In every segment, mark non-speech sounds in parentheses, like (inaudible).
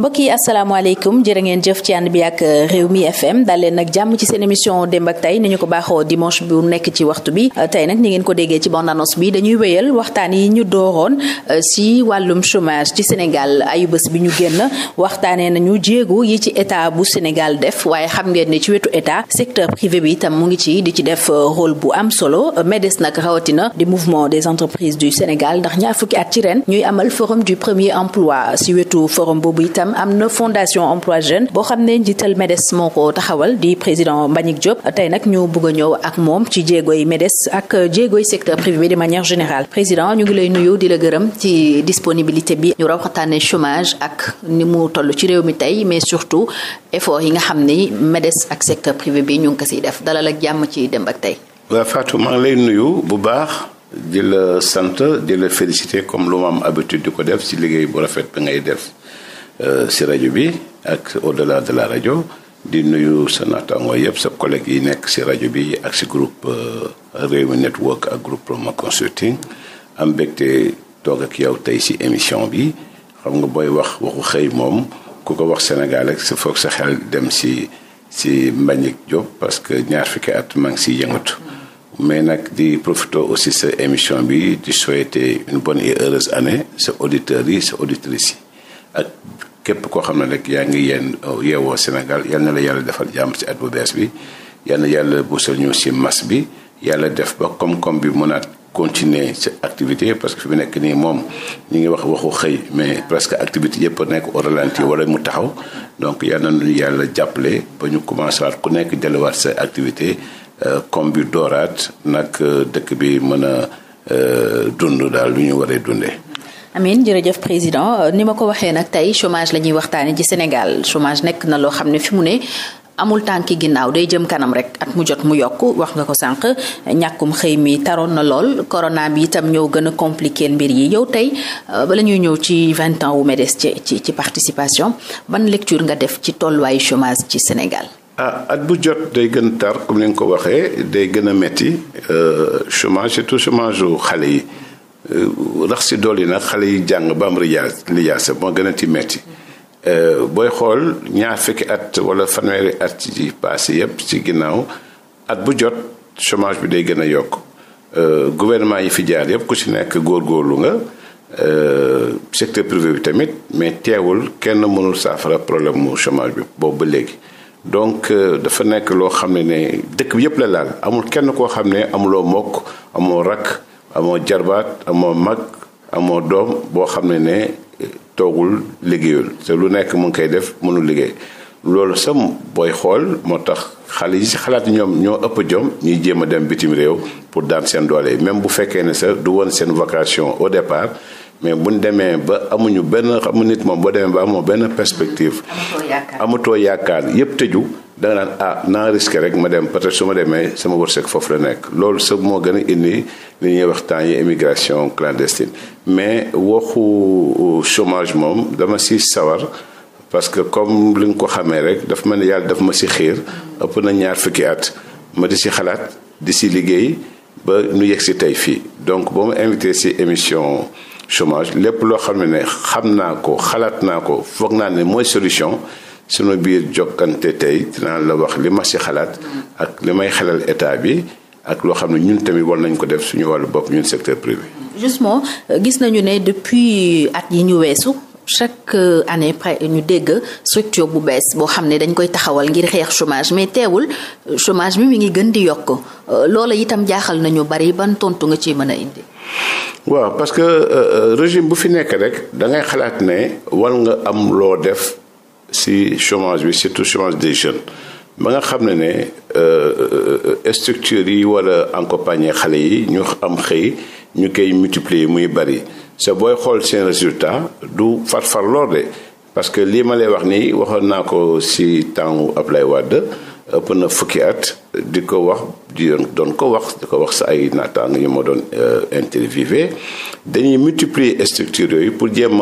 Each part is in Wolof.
mbokk yi asalaamaaleykum jërë ngeen jëf ci ànd bi ak euh, réew mi fm dal leen nag jàmm ci seen émission démb ak tey nañu ko baaxoo dimanche bu nekk ci waxtu bi euh, tey nag ni ngeen ko déggee ci bande annonce bi dañuy wéyal waxtaan yi ñu dooroon euh, si wàllum chomage ci sénégal ayu bés bi ñu génn waxtaanee nañu jéego yi ci état bu sénégal def waaye xam ngeen ni ci wetu état secteur privé bi itam mu ngi ci di ci def rôle bu am solo MEDES nag rawatina di mouvement des entreprises du sénégal ndax ñaar fukki at ci ren ñuy amal forum du premier emploi si wetu forum itam am na fondation emploi jeune boo xam ne njiital MEDES moo ko taxawal di président Mbagnick Diop tey nag ñu bëgg a ñëw ak moom ci jéegoy MEDES ak jéegoy secteur privé de manière générale président ñu ngi lay nuyu di la gërëm ci disponibilité bi ñu raw waxtaane chômage ak ni mu toll ci réew mi tey mais surtout effort yi nga xam ni MEDES ak secteur privé bi ñu ngi ko siy def dalal ak jàmm ci démb ak tey. waaw Fatou maa ngi lay nuyu bu baax di la sant di la féliciter comme lu ma am ko def ci liggéey bu def. Euh, si rajo bi ak de la de la rajo di nuyu sa nataango yëpp sa collègue yi nekk si rajo bi ak si groupe euh, Rewmi Network ak groupe Proma Consulting am mbégte toog ak yow tey si émission bi xam nga booy wax waxu xëy moom ku ko wax Sénégal rek sa foog sa xel dem si si Mbagnick Diop parce que ñaar fukki at maa ngi siy yëngatu. mais nag di profité aussi sa émission bi di souhaiter une bonne heureuse année sa auditeurs yi sa auditrices yi. ak képp koo xam ne rek yaa ngi yéen euh, yeewoo Sénégal yal na la yàlla defal jàmm ci at bu bees bi yal na yàlla busal ñu ci mas bi yàlla def ba koom-koom bi mën a continuer sa activité parce que fi mu nekk nii moom ñu ngi wax waxu xëy mais presque activité yëpp nekk au ralenti wala mu taxaw donc yal na ñu yàlla jàppale ba ñu commencé waat ku nekk delluwaat sa activité comme euh, bi dooraat nag euh, dëkk bi mën a dund daal lu ñu waree dundee. amin jërëjëf président euh, ni ma ko waxee nag tey chômage la ñuy waxtaane ci Sénégal chômage nekk na loo xam ne fi mu ne amul tànki ginnaaw day jëm kanam rek at mu jot mu yokk wax nga ko sànq ñàkkum xëy mi taroon na lool corona bi itam ñëw gën a compliquer mbir yi yow tey euh, bala ñuy ñëw ci vingt ans wu MEDES ci ci ci participation ban lecture nga def ci tolluwaayu chômage ci Sénégal. ah at bu jot day gën tar comme ni ko waxee day gën a metti euh, chômage surtout chômage u xale yi. Euh, rax si dool yi nag xale yi jàng ba am lijaas lijaasa moo gën a ti metti euh, booy xool ñaar fekki at wala fanweeri at ci passé yépp ci ginnaaw at bu jot chômage bi day gën a yokk euh, gouvernement yi fi jaar yépp ku si nekk góorgóorlu nga secteur privé bi tamit mais teewul kenn mënul saafara problème mu chômage bi boobu ba léegi donc dafa nekk loo xam ne ne dëkk bi yépp la laal amul kenn koo xam ne amuloo mbokk amoo rakk amoo jarbaat amoo mag amoo doom boo xam ne ne toogul liggéeyul te lu nekk mu ngi koy def mënul liggéey loolu sam booy xool moo tax xale yi si xalaat ñoom ñoo ëpp jom ñuy jéem a dem bitim réew pour daan seen doole yi même bu fekkee ne sa du woon seen vocation au départ mais bu buñ demee ba amuñu benn xamu nit moom boo demee ba amoo benn perspective amatoo yaakaar yépp tëju da nga ah naa risqué rek ma dem parce que su ma demee sama wërsëg foofu la nekk loolu sax moo gën a indi li ñuy wax temps yi immigration clandestine mais waxu chômage moom dama si sawar parce que comme li nga ko xamee rek daf ma ne yàlla daf ma si xiir ëpp na ñaar fukki at ma di si xalaat di si liggéey ba nu yegg si tey fii donc boo ma invité si émission chômage lépp loo xam ne ne xam naa ko xalaat naa ko foog naa ne mooy solution sunu biir jokkante tey naa la wax li ma si xalaat ak li may xelal état bi ak loo xam ne ñun tamit war nañ ko def suñu wàllu bopp ñun secteur privé. justement gis nañu ne depuis at yi ñu weesu chaque euh, année près ñu dégg structure bu bees boo xam ne dañ koy taxawal ngir xeex chômage mais teewul euh, chômage bi mi ngi gën di yokk euh, loola itam jaaxal nañu bari ban tontu nga ciy mën a indi. waaw parce que régime bu fi nekk rek da ngay xalaat ne war nga am loo def. si chômage bi surtout chômage des jeunes ba nga xam ne ne euh, structures yi war a xale yi ñu am xëy ñu koy multiplier muy bari sa booy xool seen résultat du farfar de parce que lii ma lay wax nii waxoon naa ko si temps Ablaye Wade ëpp na fukki at di ko wax di doon ko wax di ko wax sa ay naataang yi ma doon euh, interviewé dañuy multiplie structures yooyu pour jéem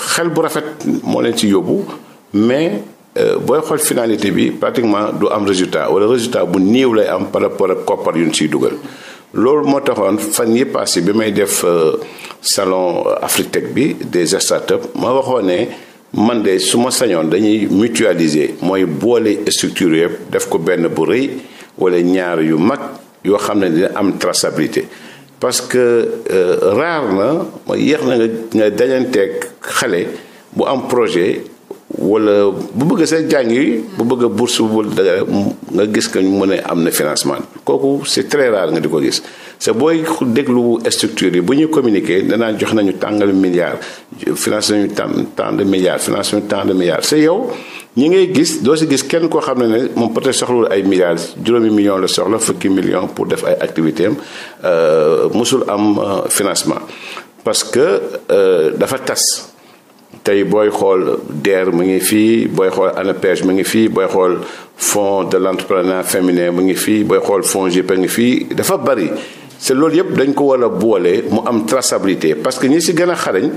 xel bu rafet moo leen ci yóbbu mais euh, booy xool finalité bi pratiquement du am résultat wala résultat bu niiw lay am par rapport ak koppar yu ñu ciy dugal. loolu moo taxoon fan a si bi may def euh, salon Afrique Tech bi des startups ma waxoon ne man de su ma sañoon dañuy mutualiser mooy boole structure yëpp def ko benn bu rëy wala ñaar yu mag yoo xam ne di am traçabilité. parce que euh, raar na yéex na nga nga xale bu am projet wala bu bëgg seen jàng yi bu bëgg a bourse bu dagare nga gis que mu ne am na financement kooku c'est très rare nga di ko gis c'est booy déglu structure yi bu ñuy communiquer danaa jox nañu tàngal milliard financé nañu tant de milliards financé nañu tant de milliards c'est yow ñu ngay gis doo si gis kenn koo xam ne ne moom peut soxlu soxlawul ay milliards juróomi million la soxla fukki million pour def ay activité am euh, mosul am euh, financement parce que euh, dafa tas tey booy xool DER mu ngi fii booy xool ANAPEJ mu ngi fii booy xool fonds de l'entrepreneuriat féminin mu ngi fii booy xool fonds GIP mu ngi fii dafa bari c'est loolu yëpp dañ ko war a boole mu am traçabilité parce que ñi si gën a xarañ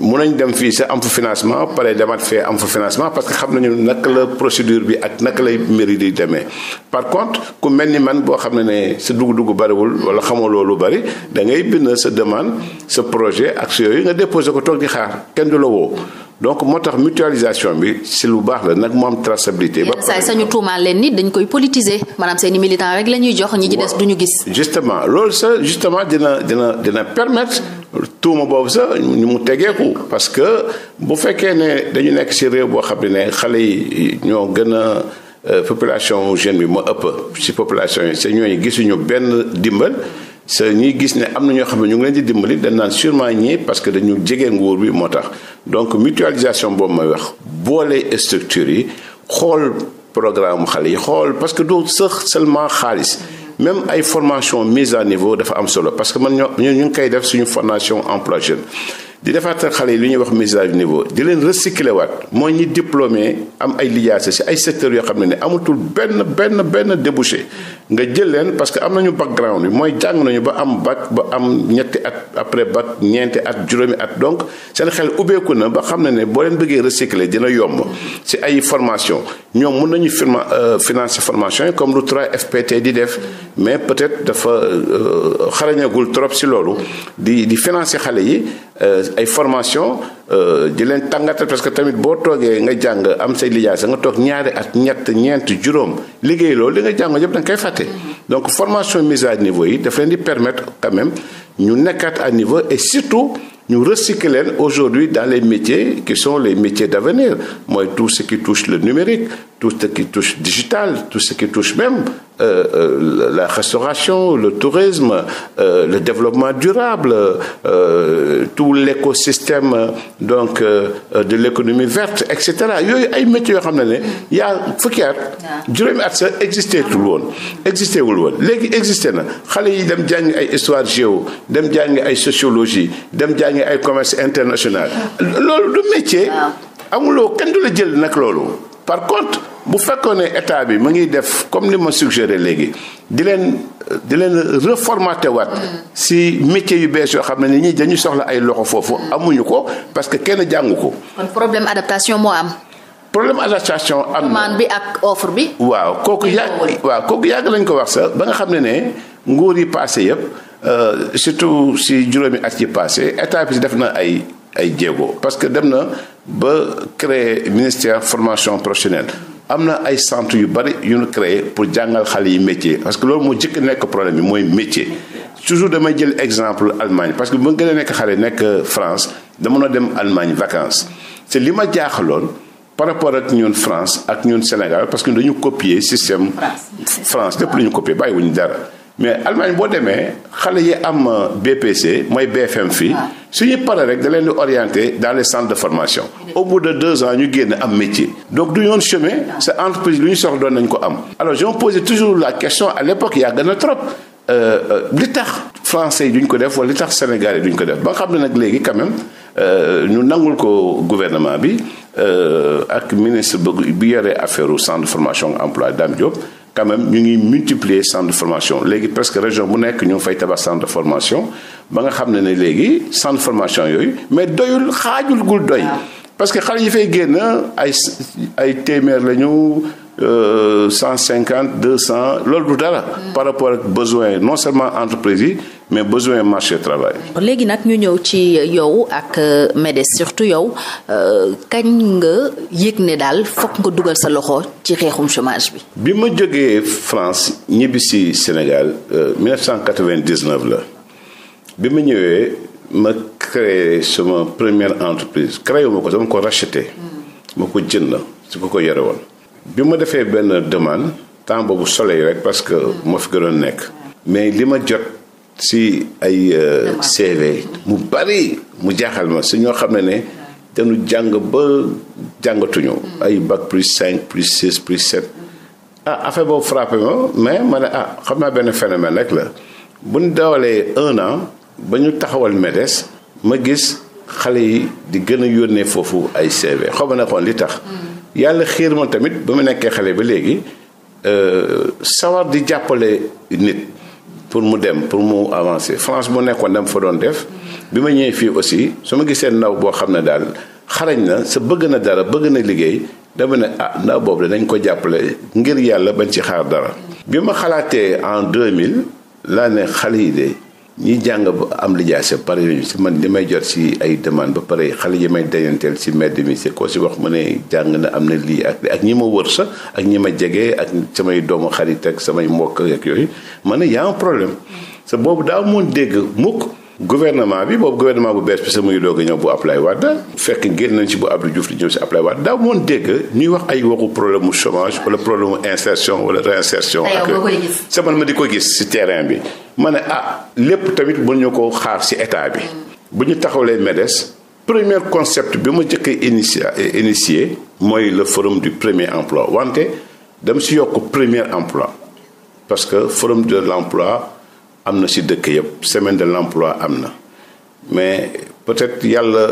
mun nañ dem fii sa am fa financement pare demaat fee am fa financement parce que xam nañu naka la procédure bi ak naka lay mairie di demee par contre ku mel ni man boo xam ne ne sa dugg-dugg bariwul wala xamoo lu bari da ngay bind sa demande sa projet ak yooyu nga déposé ko toog di xaar kenn du la woo. donc moo tax mutualisation bi si lu baax la nag mu am traçabilité. ba pare sañu tuumaal leen nit dañ koy politiser maanaam seeni militant rek la ñuy jox ñi ci des du ñu gis. justement loolu sax justement dina dina dina permettre tuuma boobu sax ñu mu tegeeku parce que bu fekkee ne dañu nekk si réew boo xam ne xale yi ñoo gën a. Euh, population jeune bi moo ëpp ci population yi te ñooñu gisuñu benn dimbal sa ñuy gis ne am na ñoo xam ne ñu ngi leen di dimbali dem naan sûrement ñii parce que dañu jege nguur bi moo tax donc mutualisation boobu may wax boole structure yi xool programme xale yi xool parce que doo sax seulement xaalis même ay formation mise à niveau dafa am solo parce que man ñoo ñu ngi koy def suñu formation emploi jeune di defaatal xale yi lu ñuy wax mise à niveau di leen recycler waat mooy ñi diplômé am ay lijaasa si ay secteurs yoo xam ne ne amatul benn benn benn débouché nga jël leen parce que am nañu background yi mooy jàng nañu ba am bac ba am ñetti at après bac ñeenti at juróomi at donc seen xel ubbeeku na ba xam ne ne boo leen bëggee recycler dina yomb si ay formation ñoom mun nañu firma euh, financer formation yi comme lu 3FPT di def mais peut-être dafa euh, xarañagul trop si loolu di di financer xale yi euh, ay formation Euh, di leen tàngatal parce que tamit boo toogee nga jàng am say sa nga toog ñaari at ñett ñeent juróom liggéey loolu li nga jàngoo yëpp da koy fàtte. Mm-hmm. donc formation mise à niveau yi daf leen di permettre quand même ñu nekkaat ak niveau et surtout. ñu recycler leen aujourd'hui dans les métiers qui sont les métiers d'avenir mooy tout ce qui touche le numérique tout ce qui touche digital tout ce qui touche même euh, euh la restauration le tourisme euh, le développement durable euh, tout l'écosystème donc euh, de l'économie verte et cetera yooyu ay métiers yoo xam ne ne yaa fukki at ah. juróomi at sa existé tul existé wul léegi existé na xale yi dem jàngi ay histoire géo dem jàngi ay sociologie jàngi ay commerce international loolu du métier. Ah. amuloo kenn du la jël nag loolu. par contre bu fekkoon ne état bi mu ngi def comme ni ma suggéré léegi di leen di leen reformaté waat mm. si métier yu bees yoo xam ne nit ñi dañu soxla ay loxo foofu mm. amuñu ko parce que kenn jàngu ko. kon problème adaptation moo am. problème adaptation am na bi ak offre bi. waaw kooku yàgg waaw kooku yàgg lañ ko wax sax ba nga xam ne ne nguur yi passé yëpp. Euh, surtout si juróomi at yi passé état bi def na ay ay jéego parce que dem na ba créer ministère formation professionnelle am na ay centre yu bari yu nu créer pour jàngal xale yi métier parce que loolu moo jëkk nekk problème bi mooy métier toujours damay jël exemple Allemagne parce que bu gën a nekk xale nekk France dama na dem Allemagne vacance te li ma jaaxaloon par rapport ak ñun France ak ñun Sénégal parce que dañu copier système France lépp la ñu copier bàyyiwuñu mais Allemagne boo demee xale yi am euh, BPC mooy BFM fii ah. su ñu paree rek da leen di orienté dans les centres de formation au bout de deux ans ñu génn am métier donc du yoon chemin sa entreprise lu ñu soxla doon nañ ko am alors je me posais toujours la question a l'époque yàgg na trop euh, euh, li tax français yi duñ ko def wala li tax sénégalais duñ ko def ba nga xam ne nag léegi quand même ñu nangul ko gouvernement bi ak ministre bi yore affaire au centre de formation emploi Dame Diop quand ñu ngi multiplier centre de formation léegi presque région bu nekk ñu ngi fay tabax centre de formation ba nga xam ne ne léegi centre de formation yooyu mais doyul xaajul gul doy ah. parce que xale yi fay génn ay ay téeméer lañu Euh, cent cinquante deux cent loolu du dara. par rapport ak besoin non seulement entreprise yi mais besoin marché travail. léegi nag ñu ñëw ci yow ak euh, MEDES surtout yow euh, kañ nga yëg ne daal fokk nga dugal sa loxo ci xeexum chômage bi. bi ma jógee France ñibbi si Sénégal 1999 la bi ma ñëwee ma créé sama première entreprise créé ma ko dama ko racheté. Hmm. ma ko jënd su ko ko yore woon. bi ma defee benn demande temps boobu soleil rek parce que moo fi gënoon nekk. mais li ma jot si ay euh, CV mu bari mu jaaxal ma si ñoo xam ne ne dañu jàng ba jàngatuñu. Hmm. ay bac plus cinq plus 6 plus 7. ah affaire boobu frappé mais ma ne ah xam naa benn phénomène rek la bu ñu dawalee un an ba ñu taxawal MEDES ma gis xale yi di gën a yónnee foofu ay CV xaw ma ne li tax. Hmm. yàlla xiir ma tamit ba ma nekkee xale ba léegi euh, sawar di jàppale nit pour mu dem pour mu avancer France bu nekkoon dama fa doon def bi ma ñëwee fii aussi su ma gisee ndaw boo xam ne daal xarañ na sa bëgg na dara bëgg na liggéey dama ne ah ndaw boobu dañ ko jàppale ngir yàlla bañ ci xaar dara bi ma xalaatee en mille laa ne xale yi de ñi jàng ba am lijaasa pare si man li may jot si ay demande ba pare xale yi may dajanteel si mbedd mi se koo si wax ma ne jàng na am na lii ak ak ñi ma wër sax ak ñi ma jege ak samay doomu xarit ak samay mbokk ak yooyu ma ne y problème sa boobu daa moon dégg mukk gouvernement bi boobu gouvernement bu bees sa muy doog ñëw bu Ablaye fekk génn nañ ci bu Abdou Diouf di si Ablaye Wade daaw moon dégg ñuy wax ay waxu problème mu chômage wala problème mu wala réinsertion ak sama man ma di ko gis si terrain bi ma ne ah lépp tamit bu ñu ko xaar ci état bi. bu ñu taxawlee MEDES. premier concept bi ma njëkk a initié mooy le forum du premier emploi wante dama ci yokk première emploi parce que forum de l'emploi am na si dëkk yëpp semaine de l'emploi am na mais peut-être yàlla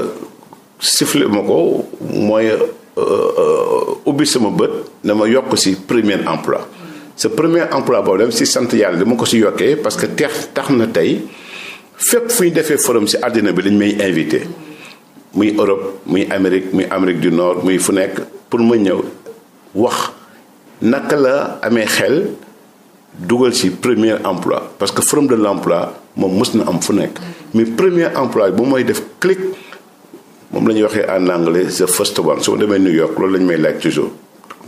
sifle ma ko mooy euh, euh, ubbi sama bët dama yokk ci première emploi sa premier emploi boobu dem si sant yàlla dama ko si yokkee parce que teex tax na tey fépp fu ñu defee forum si àddina bi dañ may invité muy Europe muy Amérique muy Amérique du Nord muy fu nekk pour ma ñëw wax naka la amee xel dugal si premier emploi parce que forum de l'emploi moom mës na am fu nekk mais premier emploi bu mooy def clic moom la ñuy waxee en nangale the first one su ma demee New York loolu la ñu may laaj toujours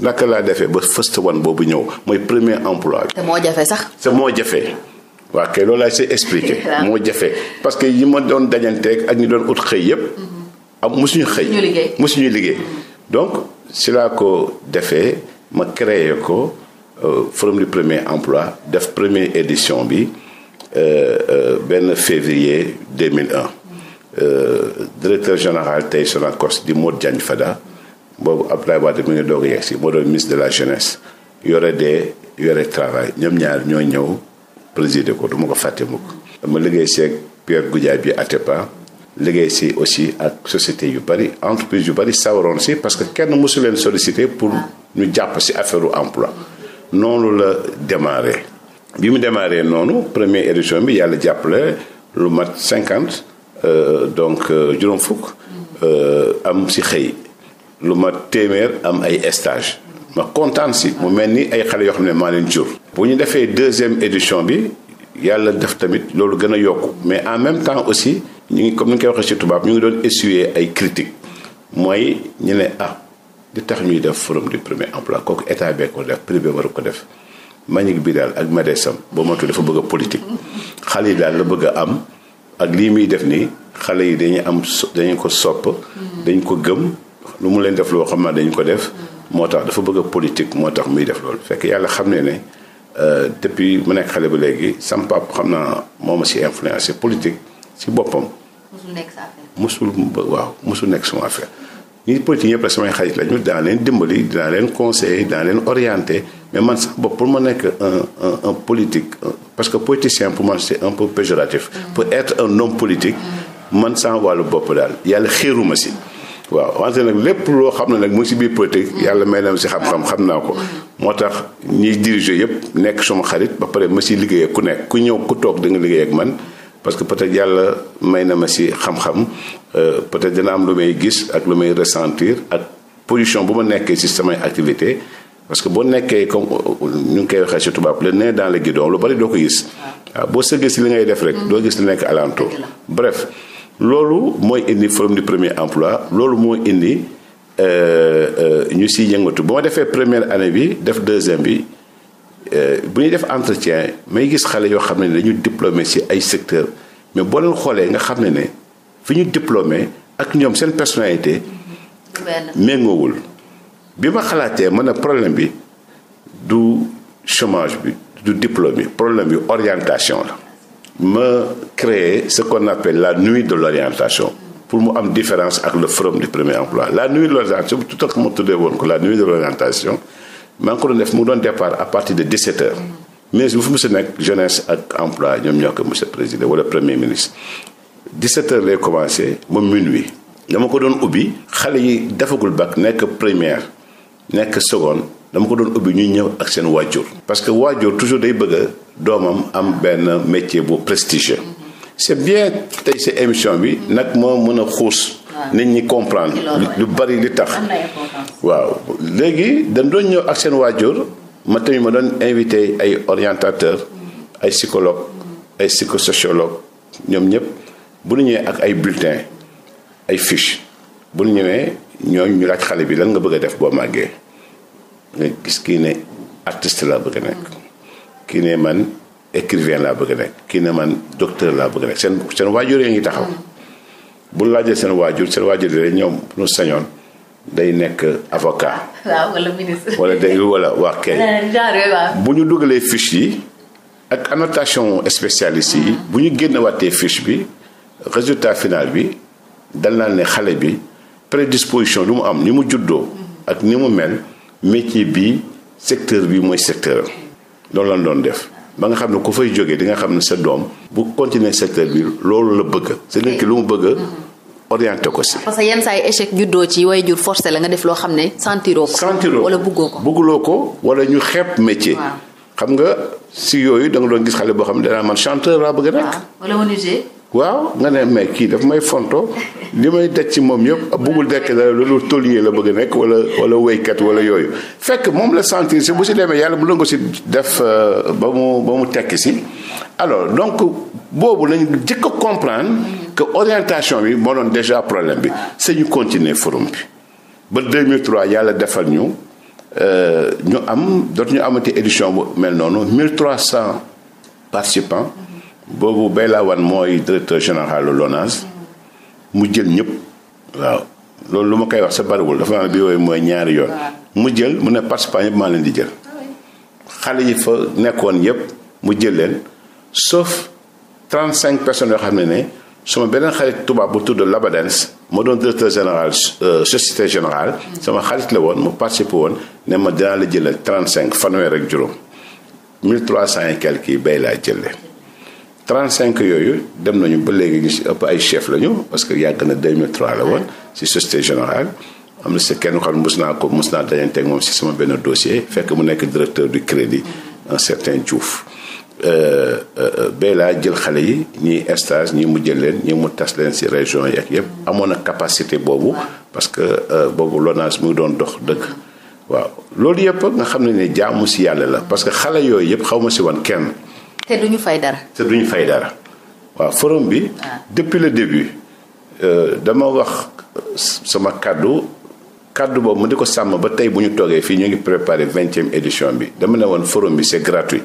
naka laa defee ba first one boobu ñëw mooy premier emploi bi. moo jafe sax. te moo jafe. waa kay loolu laay see expliqué. (laughs) moo jafe parce que yi ma doon dajanteeg ak ñi doon ut xëy yépp am mosuñu xëy. ñu liggéey liggéey. donc si laa ko defee ma créé ko euh, forum du premier emploi def première édition bi euh, euh, benn février 2001 directeur général tey Sonacos di Modou Diagne Fada. boobu Abdoulaye Wade mi ngi doog a yegg si moo doon ministre de la jeunesse yore dee yore travail ñoom ñaar ñoo ñëw présider ko du ma ko fàtte mukk dama liggéey si ak Pierre Goudiaby pa liggéey si aussi ak société yu bari entreprise yu bari sawaroon si parce que kenn mosu leen pour ñu jàpp si affaire emploi noonu la démarré bi mu démarré noonu première édition bi yàlla jàppale lu mat cinquante euh, donc euh, juróom fukk euh, am si xëy lu ma téeméer am ay stage ma kontaan si mu mel ni ay xale yoo xam ne maa leen jur. bu ñu defee deuxième édition bi yàlla def tamit loolu gën a yokku mais en même temps aussi ñu ngi comme ni nga koy waxee si tubaab ñu ngi doon essuyer ay critiques mooy ñu ne ah di tax ñuy def forum di premier emploi kooku état bee ko def privé waru ko def. Manick bi daal ak Madesam boo motul dafa bëgg a politique xale yi daal la bëgg a am ak lii muy def nii xale yi dañu am dañu ko sopp dañ ko gëm. lu mu leen def loo xam naa dañu ko def moo tax dafa bëgg a moo tax muy def loolu fekk yàlla xam ne ne euh, depuis mu nekk xale ba léegi sam pap xam naa moom ma si influencé politique si boppam musul waaw musul nekk sama affaire ñu politique ñëpp la samay xarit lañu dinaa leen dimbali dinaa leen conseiller dinaa leen orienté mais man sax ma nekk un politique parce que politicien pour man c'est un peu péjoratif mm-hmm. pour être un homme politique mm-hmm. man sama wàllu bopp daal yàlla xiiruma si waaw wante nag lépp loo xam ne nag mu si biir politique yàlla may na si xam-xam xam naa ko moo tax ñiy diriger yëpp nekk suma xarit ba pare ma si liggéey ku nekk ku ñëw ku toog da nga liggéey ak man parce que peut-être yàlla may na ma si xam-xam euh, peut-être dina am lu may gis ak lu may ressentir ak position bu ma nekkee si samay activité parce que boo nekkee comme ñu ngi koy wexee si tubaab le nee dans le guidon lu bari doo ko gis waaw boo sëggee si li ngay def rek mm. doo gis li nekk alentour loolu mooy indi form du premier emploi loolu moo indi euh, euh, ñu si yëngatu bu ma defee première année bi def deuxième bi euh, bu ñuy def entretien may gis xale yoo xam ne ne dañu diplômé si ay secteur mais boo leen xoolee nga xam ne ne fi ñu diplômé ak ñoom seen personnalité méngoowul bi ma xalaatee mën na problème bi du chômage bi du diplôme bi problème bi orientation la ma créer ce qu'on appelle la nuit de l'orientation pour mu am différence ak le forum du premier emploi la nuit de l'orientation tout ak ma tuddee woon ko maa ngi ko doon def mu doon départ à partir de 17 heures mais bu fi mu si nekk jeunesse ak emploi ñoom ñoo mu monsieur président wala premier ministre 17 heures lay commencé ba minuit dama ko doon ubbi xale yi defagul bac nekk première nekk seconde dama ko doon ubbi ñuy ñëw ak seen waajur. parce que waajur toujours day bëgg doomam am benn métier bu prestigieux. c'est bien tey sa émission bi nag moo mën a xuus. nit ñi comprendre lu bari li tax. waaw léegi dañ doon ñëw ak seen waajur ma tamit ma doon invité ay orientateur ay psychologue ay psychosociologue ñoom ñëpp bu ñu ñëwee ak ay bulletin ay fiche bu nu ñëwee ñooñu ñu laaj xale bi lan nga bëgg a def boo màggee. nga gis kii ne artiste laa bëgg a nekk kii ne man écrivain laa bëgg a nekk kii ne man docteur laa bëgg a nekk seen seen waajur yi ngi taxaw bu laajee seen waajur seen waajur yi ñoom nu sañoon day nekk avocat. wala ministre wala day wala (laughs) bu ñu dugalee fiche yi ak annotation spécialiste yi bu ñu génn waatee fiche bi résultat final bi dal naa ne xale bi prédisposition lu mu am ni mu juddoo ak ni mu mel. métier bi secteur bi mooy secteur loolu lan doon def ba nga xam ne ku fay jógee di nga xam ne sa doom bu continuer secteur bi loolu la bëgg sa nit ki lu mu bëgg orienté ko si. parce que yenn saa yi échec juddoo ci way jur forcé la nga def loo xam ne sentiroo ko wala bëggoo ko bëgguloo ko wala ñu xeeb métier xam nga si yooyu danga nga doon gis xale boo xam ne danaa man chanteur laa bëgg a waaw nga ne mais kii daf may fonto li may daj ci moom yëpp bëggul dekk la lu tollier la bëgg nekk wala wala wéykat wala yooyu fekk moom la sentir si bu si demee yàlla mu la nga si def euh, ba mu ba mu tekki si alors donc boobu lañu jëkk a comprendre que orientation bi moo doon déjà problème bi c'est ñu continuer forum bi ba 2003 yàlla defal ñu euh, ñu am dootuñu amati édition bu mel noonu 1300 participants boobu bay laa wan mooy directeur général LONASE mu jël ñëpp waaw loolu lu ma koy wax sa bariwul dafa naa bi yooyu mooy ñaari yoon mu jël mu ne participant yëpp maa leen di jël ah xale yi fa nekkoon yëpp mu jël leen sof trente cinq personnes yoo xam ne ne sama beneen xarit tubaab bu tudd Labadens moo doon directeur général euh, société générale mm. sama xarit la woon mu participé woon ne ma dinaa la jëlal trente cinq fanweer ak juróom mille trois cent et quelque yi bay laa jël leen 35 yooyu dem nañu ba léegi ñu si ëpp ay chef lañu parce que yàgg na 2003 la woon si société générale am na si kenn xam mos naa ko mos naa dajante ak moom benn dossier fekk mu nekk directeur du crédit un certain jouf bee laa jël xale yi ñii stage ñii mu jël leen ñii mu tas leen si région yi ak yëpp amoon na capacité boobu parce que euh, boobu LONASE mu ngi doon dox dëkk waaw loolu yëpp nga xam ne ne jaamu si yàlla la parce que xale yooyu yëpp xaw ma si woon kenn te duñu fay dara. te duñu fay dara waaw forum bi. Ah. depuis le début euh, dama wax sama kàddu kàddu boobu mu di ko sàmm ba tey bu ñu toogee fii ñu ngi préparé vingtième édition bi dama ne woon forum bi c'est gratuit.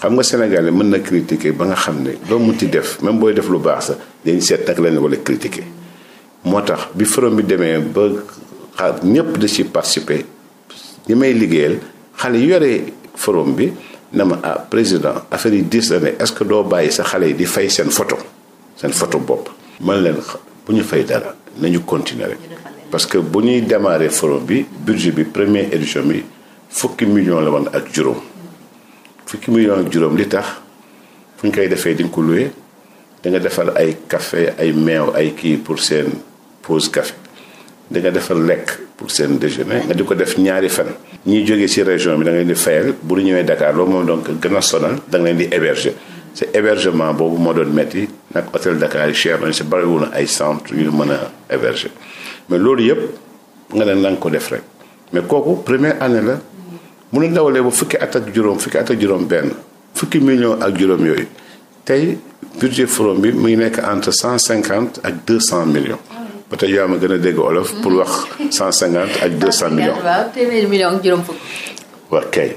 xam nga Sénégalais mën na critiquer ba nga xam ne loo mun ci def même booy def lu baax sax dañ seet nag lañ wala critiquer moo tax bi forum bi demee ba xaar ñëpp da ci participer ñi may liggéeyal xale yore forum bi ne ma ah président affaire yi diis la ne que doo bàyyi sa xale yi di fay seen foto seen photo bopp. man leen bu ñu fay dara nañu continuer rek parce que bu ñuy démarrer forum bi budget bi première édition bi fukki million la woon ak juróom fukki million ak juróom li tax fu ñu koy defee di nga ko loué da nga defar ay café ay meew ay kii pour seen pause kafe di nga defal lekk pour seen déjeuner nga di ko def ñaari fan. ñi jóge ci région bi da nga leen di fayal bu ñu ñëwee Dakar loolu moom donc gën a sonal da leen di héberger. c' est boobu moo doon métti nag hôtel Dakar yi cher nañ si bariwul ay centre yu mën a héberger mais loolu yëpp nga ne la ko def rek mais kooku première année la mën a dawalee ba fukki at ak juróom fukki at ak juróom benn fukki million ak juróom yooyu tey budget forum bi mu ngi nekk entre cent cinquante ak deux cent millions. ba tey yaa ma gën a dégg olof. pour wax cent cinquante ak deux cent ah, millions. waaw téeméeri million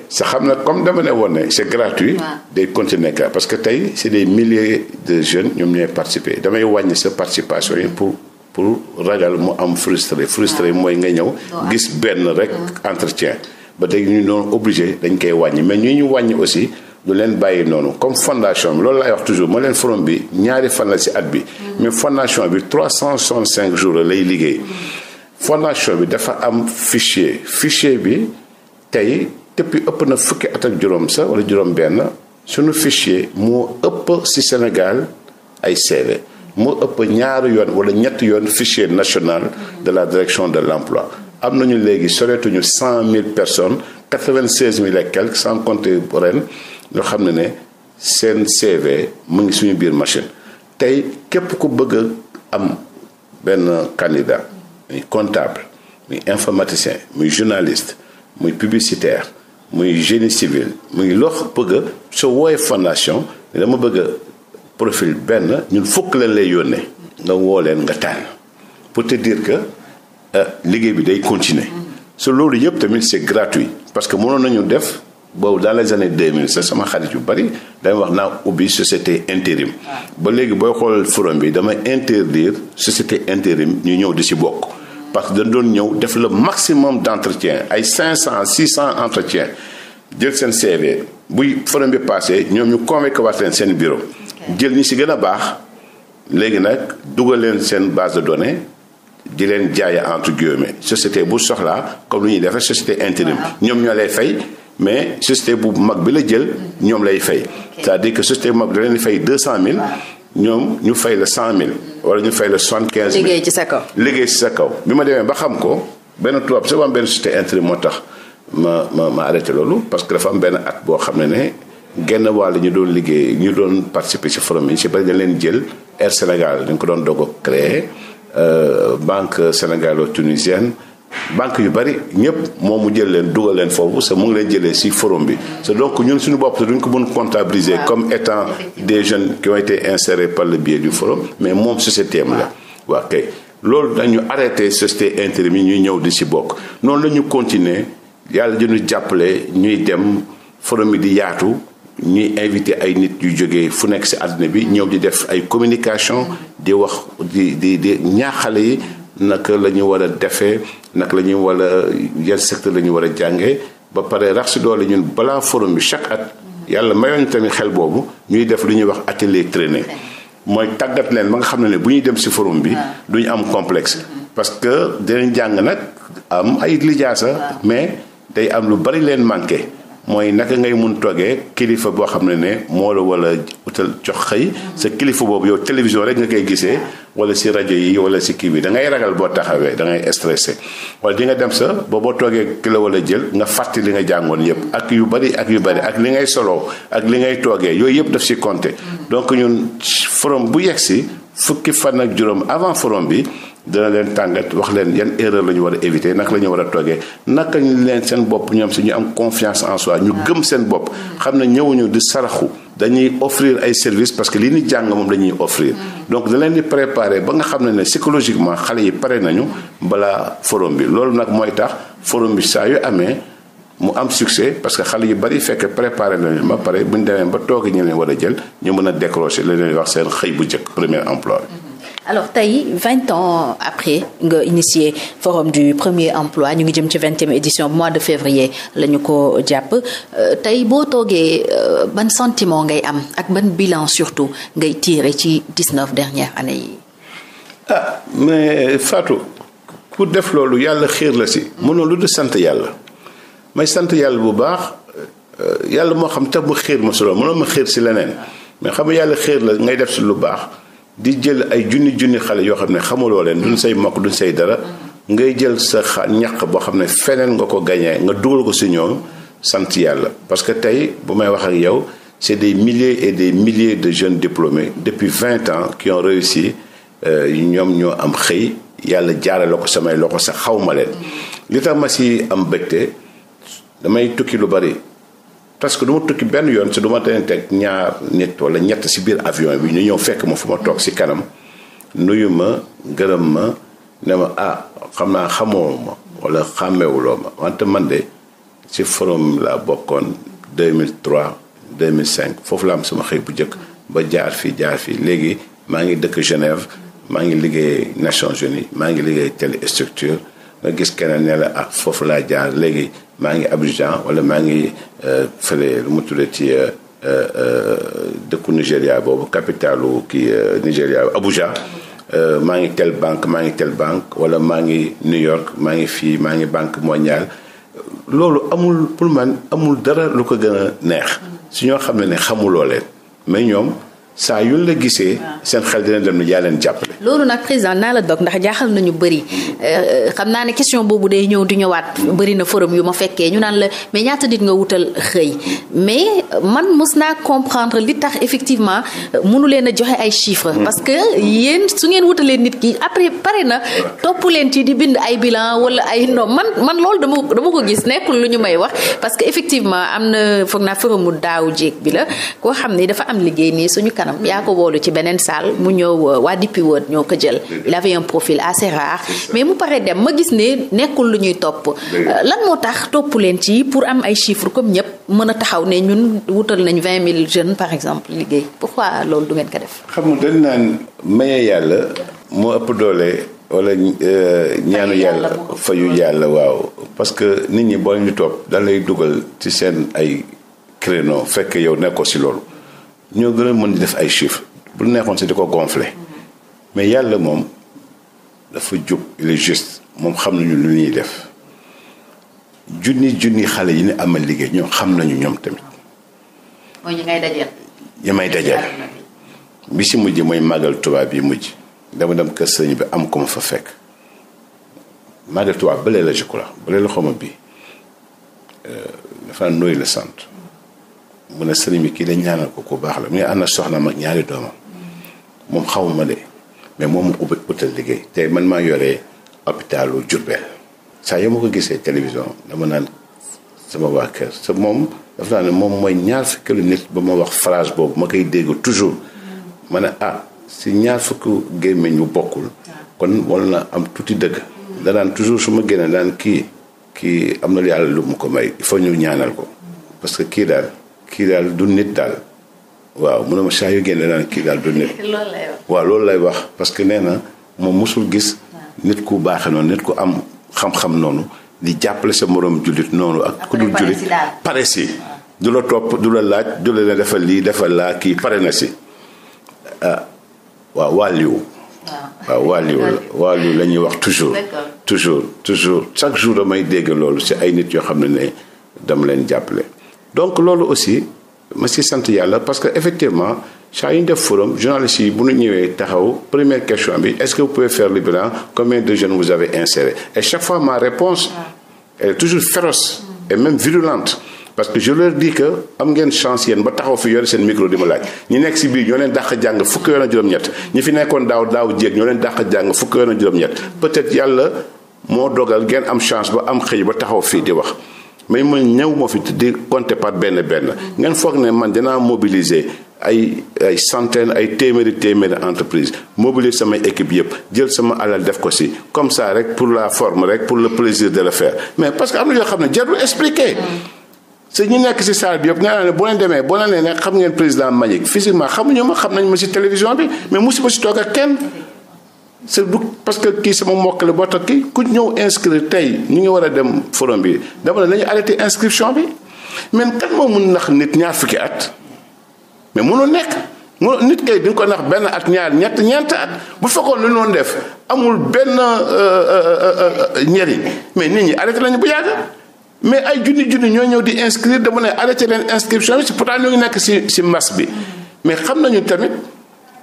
sa xam na comme dama ne woon ne c'est gratuit. day continuer nekk parce que tey c'est des milliers de jeunes ñoom ñooy participer damay wàññi sa participation yi pour. pour ragal mu am frustré frustré mooy nga ñëw gis benn rek entretien ba tey ñu doon obligé dañ koy wàññi mais ñu ñu wàññi aussi du leen bàyyi noonu comme fondation bi loolu laay wax toujours ma leen forom bi ñaari fan la si at bi mais fondation bi trois 365 jours la lay liggéey fondation bi dafa am fichier fichier bi tey depuis ëpp na fukki at ak juróom sa wala juróom benn suñu fichier moo ëpp si Sénégal ay CV moo ëpp ñaari yoon wala ñetti yoon fichier national de la direction de l'emploi am nañu léegi soreetuñu cent mille personnes quatre-vingt-seize mille et quelques ren yoo xam ne ne seen CV mu ngi suñu biir machine tey képp ku bëgg am benn candidat muy comptable muy informaticien muy journaliste muy publicitaire muy génie civil muy loo bëgg a sa wooye fondation dama bëgg a benn ñun fukk leen lay yónnee. nga woo leen nga tànn pour te dire que euh, liggéey bi day continuer. so loolu yëpp tamit c'est gratuit parce que mënoon ñu def. boobu dans les années 2000 c'est sama xarit yu bari dañ wax naa ubbi société intérim ah. ba léegi booy xool forum bi dama interdir société intérim ñu ñëw di ci bokk parce que dañ doon ñëw def le maximum d'entretien ay 500 600 entretien jël seen CV buy forum bi passé ñoom ñu convoqué waat leen seen bureau jël ñi ci gën a baax léegi nag dugal leen seen base de données di leen jaaye entre guillemets société bu soxla comme lu ñuy defee société intérim ah. ñoom ñoo lay fay mais société bu mag bi la jël ñoom lay fay c'est-à-dire que société bu mag bi da leen fay deux cent mille ñoom ñu fay la cent mille wala ñu fay la soixante quinze mille liggéey ci sa kaw liggéey ci sa kaw bi ma demee ba xam ko benn tubaab soo am benn société intérim moo tax ma ma ma arrêté loolu parce que dafa am benn at boo xam ne ne genn wàll ñu doon liggéey ñu doon participer ci forum yi ci bari dañ leen jël Air Sénégal dañ ko doon doog a créé euh, banque sénégalo-tunisienne banque yu bari ñëpp moom mu jël leen dugal leen foofu sa mu ngi leen jëlee ci forom bi sa donc ñun suñu bopp sa duñ ko mën comptabiliser comme étant des jeunes qui ont été insérés par le biais du forum mais moom société am la waa kay loolu dañu arrêté société intérim yi ñuy ñëw di ci bokk noonu la ñu continuer yàlla dinu jàppale ñuy dem forum yi di yaatu ñuy invité ay nit yu jógee fu nekk ci àddina bi ñëw di def ay communication di wax di di di ñaaxale yi naka la ñu war a defee naka la ñu war a la ñu war a jàngee ba pare rax si doole ñun balaa forum bi chaque at yàlla mayoon tamit xel boobu ñuy def lu ñuy wax atelier traîner mooy tàggat leen ba nga xam ne ne bu ñuy dem si forum bi duñu am complexe mm-hmm. parce que dinañ jàng nag am ay lijaasa mais day am lu bari leen manqué mooy naka ngay mun toogee kilifa boo xam ne ne moo la wala utal jox xëy sa kilifa boobu yow télévision rek nga koy gisee wala si rajo yi wala si kii bi da ngay ragal boo taxawee da ngay stressé wala di nga dem sa ba boo toogee ki la wala jël nga fàtti nga jàngoon yëpp ak yu bari ak yu bari ak li ngay soloo ak li ngay toogee yooyu yëpp daf si compter donc ñun forom bu yegg si fukki fan ak juróom avant forom bi dana leen tàngat wax leen yan erreur la ñu war a éviter naka la ñu war a toogee naka ñu leen seen bopp ñoom si ñu am confiance en soi ñu gëm seen bopp xam ne ñëwuñu di saraxu dañuy offrir ay services parce que li ñu jàng moom dañuy offrir donc da leen di préparer ba nga xam ne ne psychologiquement xale yi pare nañu balaa forum bi loolu nag mooy tax forum bi saa yu amee mu am succès parce que xale yu bari fekk préparé nañu ba pare bu demee ba toogi ñu leen war a jël ñu mën a décrocher li leen wax seen xëy bu njëkk premier emploi bi alors tey vingt ans après nga initié forum du premier emploi ñu ngi jëm ci vingtième édition mois de février la ñu ko jàpp euh, tey boo toogee euh, ban sentiment ngay am ak ban bilan surtout ngay tirer ci dix-neuf dernières années yi. ah mais Fatou ku def loolu yàlla xiir la si. mënoo lu du sant yàlla may sant yàlla bu baax euh, yàlla moo xam tax mu xiir ma si loolu mënoo ma xiir si leneen mais xam yàlla xiir la ngay def si lu baax. di jël ay junni junni xale yoo xam ne xamuloo leen duñ say mokk duñ say dara ngay jël sa xa ñaq boo xam ne feneen nga ko gañee nga dugal ko si ñoom sant yàlla parce que tey bu may wax ak yow c'est des milliers et des milliers de jeunes diplômés depuis vingt ans qui ont réussi euh, ñoom ñoo am xëy yàlla jaarale ko samay loxo sax xaw ma leen li tax ma si am bëgte damay tukki lu bari parce que du ma tukki benn yoon si du ma dana teg ñaar nit wala ñett si biir avion bi ñu ñëw fekk ma fu ma toog si kanam nuyu ma gërëm ma ne ma ah xam naa xamoo ma wala xàmmewuloo ma wante man de si forum laa bokkoon 2003 2005 foofu la am sama xëy bu njëkk ba jaar fii jaar fii léegi maa ngi dëkk Genève maa ngi liggéey Nations Unies maa ngi liggéey telle structure nga gis keneen ne la ah foofu laa jaar léegi maa ngi Abidjan wala maa ngi euh, fële lu mu tule ci euh, euh, dëkku Nigéria boobu capitalu kii Nigéria Abuja. maa ngi tel banque maa ngi tel banque wala maa ngi New York maa ngi fii maa ngi banque mondiale loolu amul pur man amul dara lu ko gën a neex. si ñoo xam ne ne xamuloo leen ñoom. saa yuñ la gisee. seen xel dina dem ne yaa leen jàppale. loolu nag président naa la dog ndax jaaxal nañu bëri euh, xam naa ne question boobu day ñëw di ñëwaat. bëri na forum yu ma fekkee ñu naan la mais ñaata nit nga wutal xëy. mais man mës naa comprendre li tax effectivement euh, mënu leen a joxe ay chiffres. Hmm. parce que yéen su ngeen wutalee nit ki après pare na topp leen ci di bind ay bilan wala ay non man man loolu dama dama ko gis nekkul lu ñu may wax parce que effectivement am na foog naa forum mu daaw jéeg bi la koo xam ne dafa am liggéey kanam yaa ko wóolu ci beneen salle mu ñëw euh, waa Dippi World ñoo ko jël il avait un profil assez rare mais mu pare dem ma gis ne nekkul lu ñuy topp euh, lan moo tax topp leen ci pour am ay chiffres comme ñëpp mën a taxaw ne ñun wutal nañ vingt mille jeune par exemple liggéey pourquoi loolu du ngeen ko def xam nga dañ naan maye yàlla mu ëpp doole wala euh, ñaanu yàlla fayu yàlla waaw parce que nit ñi boo ñu topp da lay dugal ci seen ay créneau fekk yow nekkoo ci loolu ñoo gën a mën di def ay chiffres bu neexoon si di ko gonfler mais yàlla moom dafa jub il juste moom xam nañu lu ñuy def junni junni xale yi ne amal liggéey ñoom xam nañu ñoom tamit. mooy ñi ngay dajeel. may dajeel bi si mujj mooy màggal tubaab yi mujj dama dem kër sëñ bi am ko fa fekk màggal tubaab bële la je crois bële la xaw ma bii euh, dafa nooy la sant. mu ne sëriñ bi kii dañ ñaanal ko ku baax la mu ne am na soxna mag ñaari doomam moom xaw ma de mais moom mu ubbi utal liggéey tey man maa yore hôpitalu Diourbel saa yoo ma ko gisee télévision dama naan sama waa kër sa moom dafa naa ne moom mooy ñaar fukki lu ba ma wax phrase boobu ma koy dégg toujours ma ne ah si ñaar fukki gémmiñ bu bokkul kon wala na am tuuti dëgg danaan daan toujours su ma génnee daan kii kii am na yàlla lu mu ko may il faut ñu ñaanal ko parce que kii daal kii daal du nit daal waaw mu ne ma saa yu génne naan kii daal du nit. (laughs) loolu lay wax waaw loolu lay wax parce que nee na moom mosul gis. nit ku baaxe noonu nit ku am xam-xam noonu di jàppale sa moroom jullit noonu ak. ku dul jullit pare si du la topp du la laaj du la ne defal lii defal laa kii pare na si ah waaw wàlliwu waaw wàlliwu la (laughs) wàlliwu la ñuy wax toujours. toujours toujours chaque jour damay dégg loolu si ay nit yoo xam ne ne dama leen jàppale. donc loolu aussi ma si sant yàlla parce que effectivement saa yu ñu def forum journalistes yi bu ñu ñëwee taxaw première question bi est-ce que vous pouvez faire le bilan combien de jeunes vous avez insérés et chaque fois ma réponse elle est toujours féroce et même virulente parce que je leur am ngeen chance yéen ba taxaw fi yore seen micro di ma laaj ñi nekk si biir ñoo leen dàq jàng fukk yoon a juróom-ñett ñi fi nekkoon daaw daaw jéeg ñoo leen dàq jàng fukk yoon a juróom-ñett peut-être yàlla moo dogal ngeen am chance ba am xëy ba taxaw fii di wax mais man ñëw moo fi di compter par benn benn ngeen foog ne man dinaa mobiliser ay ay centaine ay téeméeri téeméeri entreprise mobiliser samay équipe yëpp jël sama alal def ko si comme ça rek pour la forme rek pour le plaisir de le faire mais parce que am na yoo xam ne jarul expliquer mm. si ñu nekk si salle bi yëpp nga naa ne boo leen demee boo leen ne xam ngeen président Mbagnick physiquement xamuñu ma xam nañ ma si télévision bi mais mosu ma si toog ak kenn c'est bu parce que kii sama mbokk la boo tax kii ku ñëw inscrire tey ñu ngi war a dem forum bi dama ne nañu arrêté inscrition bi mais kan moo mun nax nit ñaar fukki at mais mënul nekk mënul nit kay di ko nax benn at ñaar ñett ñeent at bu fekkoon lu ñu def amul benn euh, euh, euh, njëriñ mais nit ñi arrêté nañu bu yàgg mais ay junni junni ñoo ñëw di inscrire dama ne arrêté leen inscription bi si pourtant ñoo ngi nekk si si mas bi mais xam nañu tamit.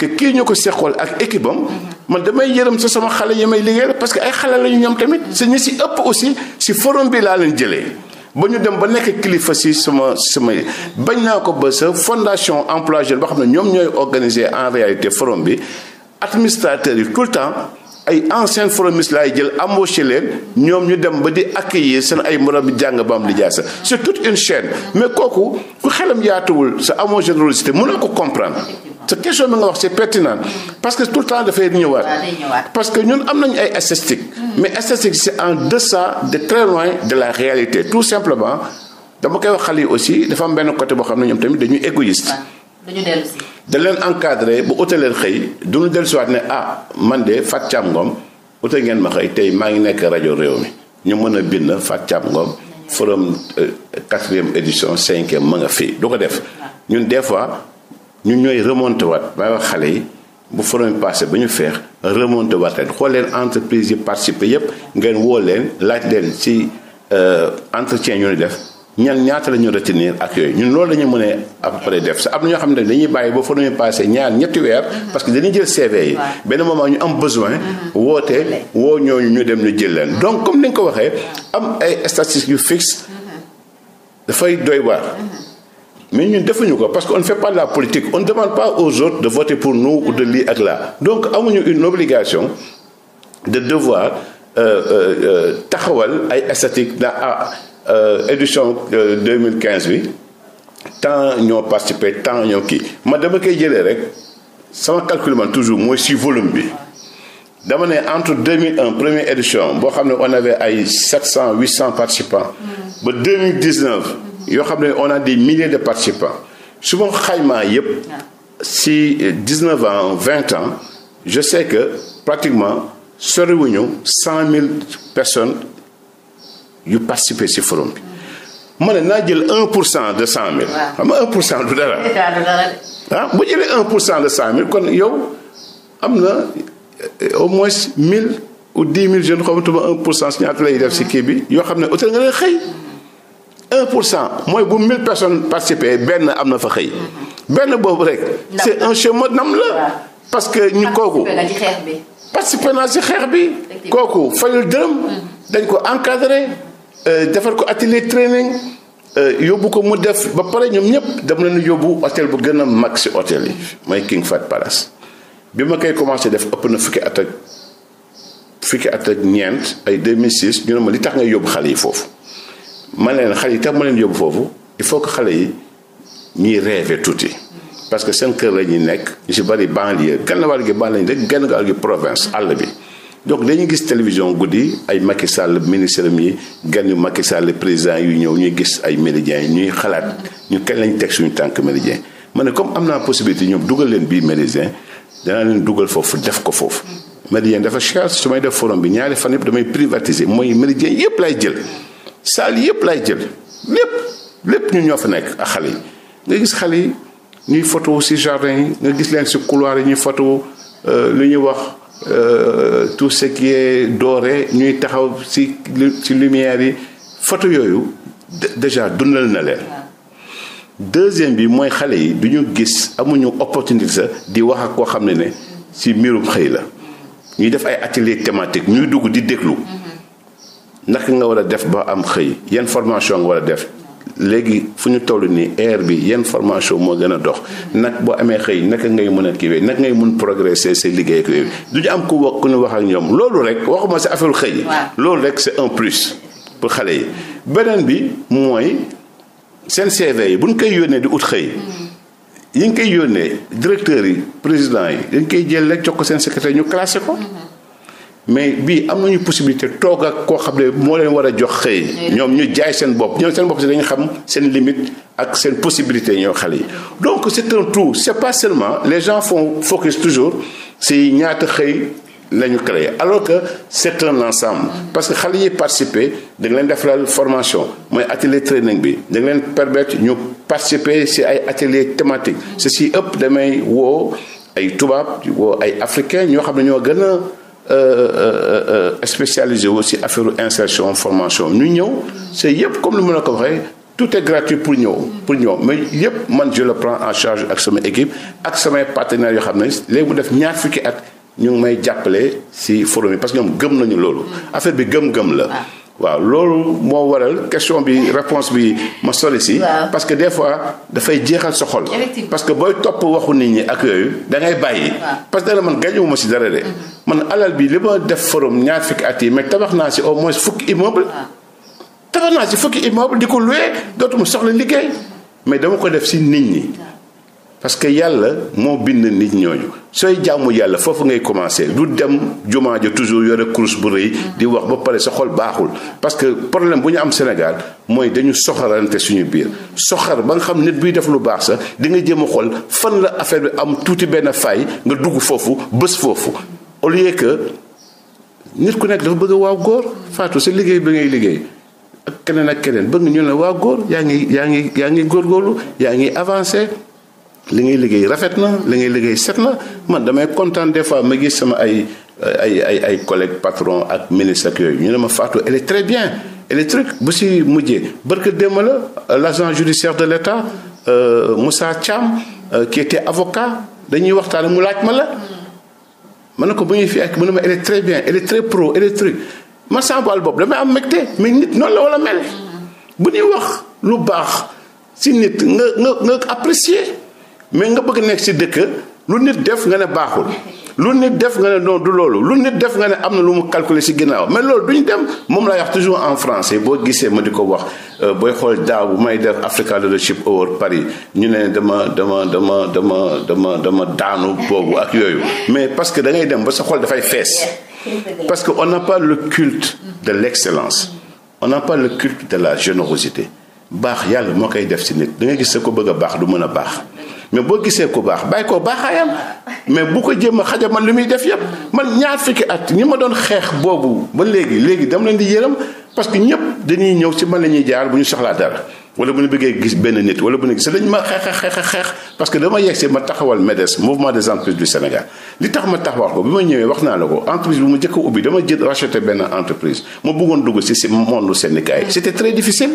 que kii ñu ko seqool ak équipe am man damay yërëm sa sama xale yi may liggéeyal parce que ay xale lañu ñoom tamit si ñu si ëpp aussi si forum bi laa leen jëlee. ba ñu dem ba nekk kilifa si sama samay bañ naa ko ba sa fondation emploi jeune boo xam ne ñoom ñooy organiser en réalité forum bi administrateur yi tout le temps ay anciens foramistes laay jël embauché leen ñoom ñu dem ba di accueillir seen ay moroom jàng ba am lijaasa c'est surtout une chaîne mais kooku ku xelam yaatuwul sa amoo générosité mënoo ko comprendre sa question bi nga wax c'est pertinent parce que tout le temps dafay ñëwaat parce que ñun am nañu ay esthétique mais esthétique c'est en deçà de très loin de la réalité tout simplement dama koy wax xale yi aussi dafa am benn côté boo xam ne ñoom tamit dañuy égoïste dañu dellu si. da leen encadré bu ute xëy du ñu dellu siwaat ne ah man de Fatou Thiam Ngom ute ngeen ma xëy tey maa ngi nekk rajo réew mi ñu mën a bind Fatou Thiam Ngom forum euh, quatrième édition cinquième ma nga fii du ko def. ñun des fois ñu ñooy remonté waat may wax xale yi. bu forom passé ba ñu feex remonté waat leen xool leen entreprise yi participé yépp ngeen woo leen laaj leen ci euh, entretien yu ñu def ñan ñaata la ñu retenir ak yooyu ñun loolu la ñu mën a après def sa am na ñoo xam ne dañuy bàyyi ba fa ñuy passé ñaar ñetti weer mm-hmm. parce que dañuy jël CV yi benn moment ñu am besoin mm-hmm. woote woo ñooñu ñu dem ñu jël leen donc comme ni nga ko waxee am ay statistiques yu fixe mm-hmm. dafay doy waar mais ñu defuñu ko parce que on ne la politique on ne demande pas aux autres de voter pour nous ou de lii ak là donc amuñu une obligation de devoir euh, euh, euh, taxawal ay statistiques da Euh, édition 2015 euh, bi tant ñoo participé temps ñoo kii ma dama koy jële rek sama calcul man toujours mooy si volume bi dama ne entre 2001 première édition boo xam ne on avait ay 700 800 participants mm. ba 2019 yoo xam ne on a des milliers de participants su ma xaymaa yëpp si 19 ans 20 ans je sais que pratiquement soriwuñu 100 000 personnes yu participer ci forum bi ma ne naa jël 1 pour cent de cent waaw am nga 1 pour cent du dara. ah bu jëlee 1 pour cent de 100000 kon yow am na eh, au moins 1000 ou 10 000 jeunes xamatuma 1 pour cent si ñaata lay def si kii bi yoo xam ne hôtel nga lay xëy. 1 pour cent mooy bu 1000 personnes participer benn am na fa xëy. benn boobu rek. c'est un chemin nam la. parce que ñu kooku. participer naa ci xeex bi. kooku fayul dërëm. Mm-hmm. dañ ko encadrer. Euh, defal ko atelier training euh, yóbbu ko mu def ba pare ñoom ñëpp dem leen yóbbu hôtel bu gën a mag si hôtel yi mooy King fat Palace bi ma koy commencé def ëpp na fukki at ak fukki at ak ñeent ay 2006 ñu ne ma li tax ngay yóbbu xale yi foofu ma leen xale yi tax ma leen yóbbu foofu il faut que xale yi ñuy rêver tuuti parce que seen kër la ñuy nekk ñu si bari banlieue gànnaawal gi banlieue rek gànnaawal gi province àll bi. donc dañuy gis télévision guddi ay Macky Sall ministre yi gan yu Macky Sall président yu ñëw ñuy gis ay méridien ñuy xalaat ñu kañ lañ teg suñu tànk méridien ma ne comme am naa possibilité ñoom dugal leen bii méridien dana leen dugal foofu def ko foofu. méridien dafa cher su may def forum bi ñaari fan yëpp damay privatiser mooy méridien yëpp laay jël saal yëpp laay jël lépp lépp ñu ñoo fa nekk ak xale yi nga gis xale yi ñuy photo si jardin yi nga gis leen si couloir yi ñuy photo euh, lu ñuy wax. Euh, tout ce qui est ñuy taxaw ci ci lumière yi photo yooyu déjà dundal na leen. deuxième bi mooy xale yi du ñu gis amuñu opportunité sa di wax ak koo xam ne ne ci mbirum xëy la ñuy def ay atelier thématique ñuy dugg di déglu. Mm-hmm. naka nga war a def ba am xëy yan formation nga war a def léegi fu ñu toll nii air bi yan formation moo gën a dox nag boo amee xëy naka ngay mën a kiiwee naka ngay mun progresser sa liggéey ak yooyu du ñu am ku wax ku ñu wax ak ñoom loolu rek waxuma si affaire xëy. loolu rek c'est en plus pour xale yi. beneen bi mooy seen CV yi bu ñu koy yónnee di ut xëy. yi ngi koy yónnee directeurs yi présidents yi dañ koy jël rek jox ko seen secrétaire ñu classé ko. Mm-hmm. mais bii am nañu possibilité toog ak koo xam ne moo leen war a jox xëy. ñoom ñu jaay seen bopp ñoom seen bopp si dañu xam seen limite ak seen possibilité ñoo xale yi. donc c'est un tout c'est pas seulement les gens font focus toujours si ñaata xëy. la ñu alors que c'est un ensemble parce que xale yi participer da nga leen defaral formation mooy atelier training bi da leen permettre ñu participer si ay atelier thématique ceci ëpp damay woo ay tubaab woo ay africain ñoo xam ne ñoo gën a Euh, euh, euh, spécialisé wu si affaire insertion formation ñu ñëw c'est yëpp comme lu ma la ko waxee tout et gratuit pour ñëw pour ñëw mais yëpp man je le prends en charge ak sama équipe ak samay partenaires yoo xam ne léegi mu def ñaar fukki at ñu may jàppale si forum yi parce que ñoom gëm nañu loolu affaire bi gëm-gëm la ah. waaw loolu moo waral question bi réponse bi ma soli si. parce que des fois dafay jeexal sa parce que booy topp waxu nit ñi ak yooyu da ngay bàyyi. parce que dana man gañuwuma si dara de. Mm-hmm. man alal bi li ma def forum ñaar fukki at yi mais tabax naa si au moins fukki immeuble. tabax naa si fukki immeuble di ko loué dootuma soxla liggéey mm-hmm. mais dama ko def si nit ñi. parce que yàlla moo bind nit ñooñu sooy jaamu yàlla foofu ngay commencer du dem jumaa ja toujours yore course bu rëy di wax ba pare sa xol baaxul parce que problème bu ñu am Sénégal mooy dañu soxarante suñu biir soxar ba nga xam nit buy def lu baax sax di nga jéem a xool fan la affaire bi am tuuti benn fay nga dugg foofu bés foofu au lieu que nit ku nekk dafa bëgg waaw góor faatu sa liggéey bi ngay liggéey ak keneen ak keneen bëgg ñu ne waaw góor yaa ngi yaa ngi yaa ngi góorgóorlu yaa ngi avancer li ngay liggéey rafet na li ngay liggéey set na man damay kontaan des fois ma gis sama ay ay ay ay collègues patron ak ministre ak yooyu ñu ne ma Fatou elle est très bien elle bu si mujjee barke démb la l'agent judiciaire de l'État euh, Moussa Thiam euh, qui était avocat dañuy waxtaan mu laaj ma la ne ko bu ñuy fi ak mu ne ma elle très bien elle est très pro elle est boobu damay am mbégte mais nit noonu la wala mel bu ñuy wax lu baax si nit nga nga nga apprécier. mais nga bëgg nekk si dëkk lu nit def nga ne baaxul lu nit def nga ne non du loolu lu nit def nga ne am na lu mu calculer ci ginnaaw mais loolu duñ dem moom laa wax toujours en français boo gisee ma di ko wax euh, booy xool daaw bu may def Africa Leadership Award Paris ñu ne dama dama dama dama dama dama daanu boobu ak yooyu mais parce que da ngay dem ba sa xol dafay fees parce que on n'a pas le culte de l'excellence on n'a pas le culte de la générosité baax yàlla moo koy def ci nit da ngay gis sa ko bëgg a baax du mën a baax mais boo gisee ku baax bàyyi ko baaxaayam mais bu ko jéem a xaja man li muy def yëpp man ñaar fukki at ñi ma doon xeex boobu ba léegi léegi dama leen di yërëm parce que ñëpp dañuy ñëw ci man la ñuy jaar bu ñu soxlaa dara wala bu ñu bëggee gis benn nit wala bu ñu gis dañ ma xeex xeex xeex parce que dama yegg si ma taxawal MEDES mouvement des entreprises du Sénégal li tax ma taxawal ko bi ma ñëwee wax naa la ko entreprise bu ma njëkk a ubbi dama jël racheté benn entreprise ma bëggoon dugg si si monde syndicat yi mm. c'était très difficile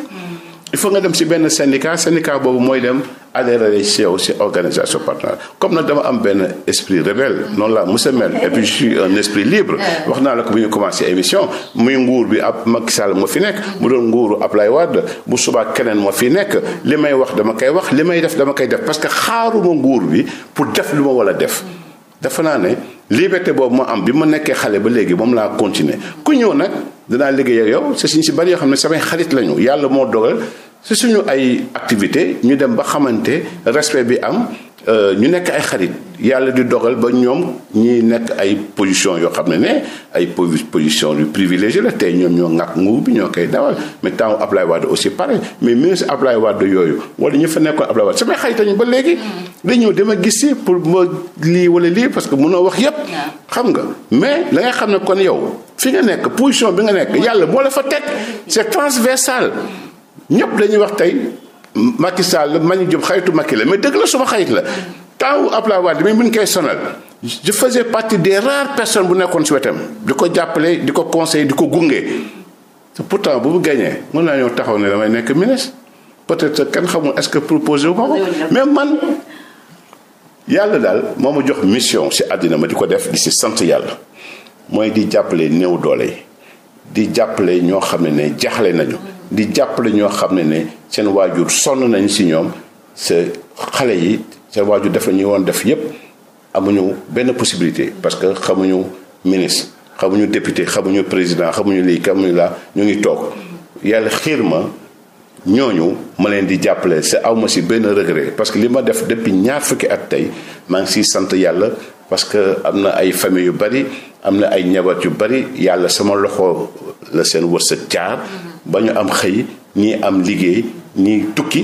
il faut nga dem si benn syndicat syndicat boobu mooy dem adhérer si yow si organisation partenariat comme nag dama am benn esprit rebelle noonu la mos a mel et puis je un esprit libre wax naa la ko bu ñu commencé émission muy nguur bi ab Macky Sall moo fi nekk mu doon nguuru Ablaye Wade bu subaa keneen moo fi nekk li may wax dama koy wax li may def dama koy def parce que xaaruma nguur bi pour def lu ma war a def defe naa ne liberté boobu ma am bi ma nekkee xale ba léegi moom laa continuer ku ñëw nag danaa liggéey ak yow si suñ si bari yoo xam ne samay xarit lañu yàlla moo dogal si suñu ay activité ñu dem ba xamante respect bi am Euh, ñu nekk ay xarit yàlla di dogal ba ñoom ñi nekk ay position yoo xam ne ne ay position yu privilégié la tey ñoom ñoo ŋàkk nguur bi ñoo koy dawal mais temps Ablaye Wade aussi pareil mais ministre Ablaye Wade yooyu wala ñu fa nekkoon Ablaye Wade samay xarit ñu ba léegi da ñëw mm. dama gis si pour ma lii wala lii parce que munoo wax yépp xam nga mais la nga xam ne kon yow fi nga nekk position bi nga nekk yàlla moo la fa teg c'est transversal ñëpp dañuy wax tey Macky Sall Mani Diop xaritu Macky la mais dëgg la suma xarit la taaw taawu Abdoulaye Wade mi ngi koy sonal je faisais partie des rares personnes bu nekkoon si wetam di ko jàppale di ko conseiller di ko gunge te pourtant bu mu gagné mën naa ñëw taxaw ne damay nekk ministre peut-être kenn xamul est-ce que proposé wu ma ko mais man yàlla daal moo ma jox mission si àddina ma di ko def di si sant yàlla mooy di jàppale néew doole yi di jàppale ñoo xam ne ne jaaxle nañu. di jàppale ñoo xam ne ni seen waajur sonn nañu si ñoom se xale yi seen waajur dafa ñuy woon def yépp amuñu benn possibilité parce que xamuñu ministre xamuñu député xamuñu président xamuñu lii xamuñu laa ñu ngi toog yàlla xiir ma ñooñu ma leen di jàppale sa awma si benn regret parce que li ma def depuis ñaar fukki at tey maa ngi siy sant yàlla parce que am na ay famille yu bari am na ay njaboot yu bari yàlla sama loxo la seen wërsëg jaar mm-hmm. ba ñu am xëy ñii am liggéey ñii tukki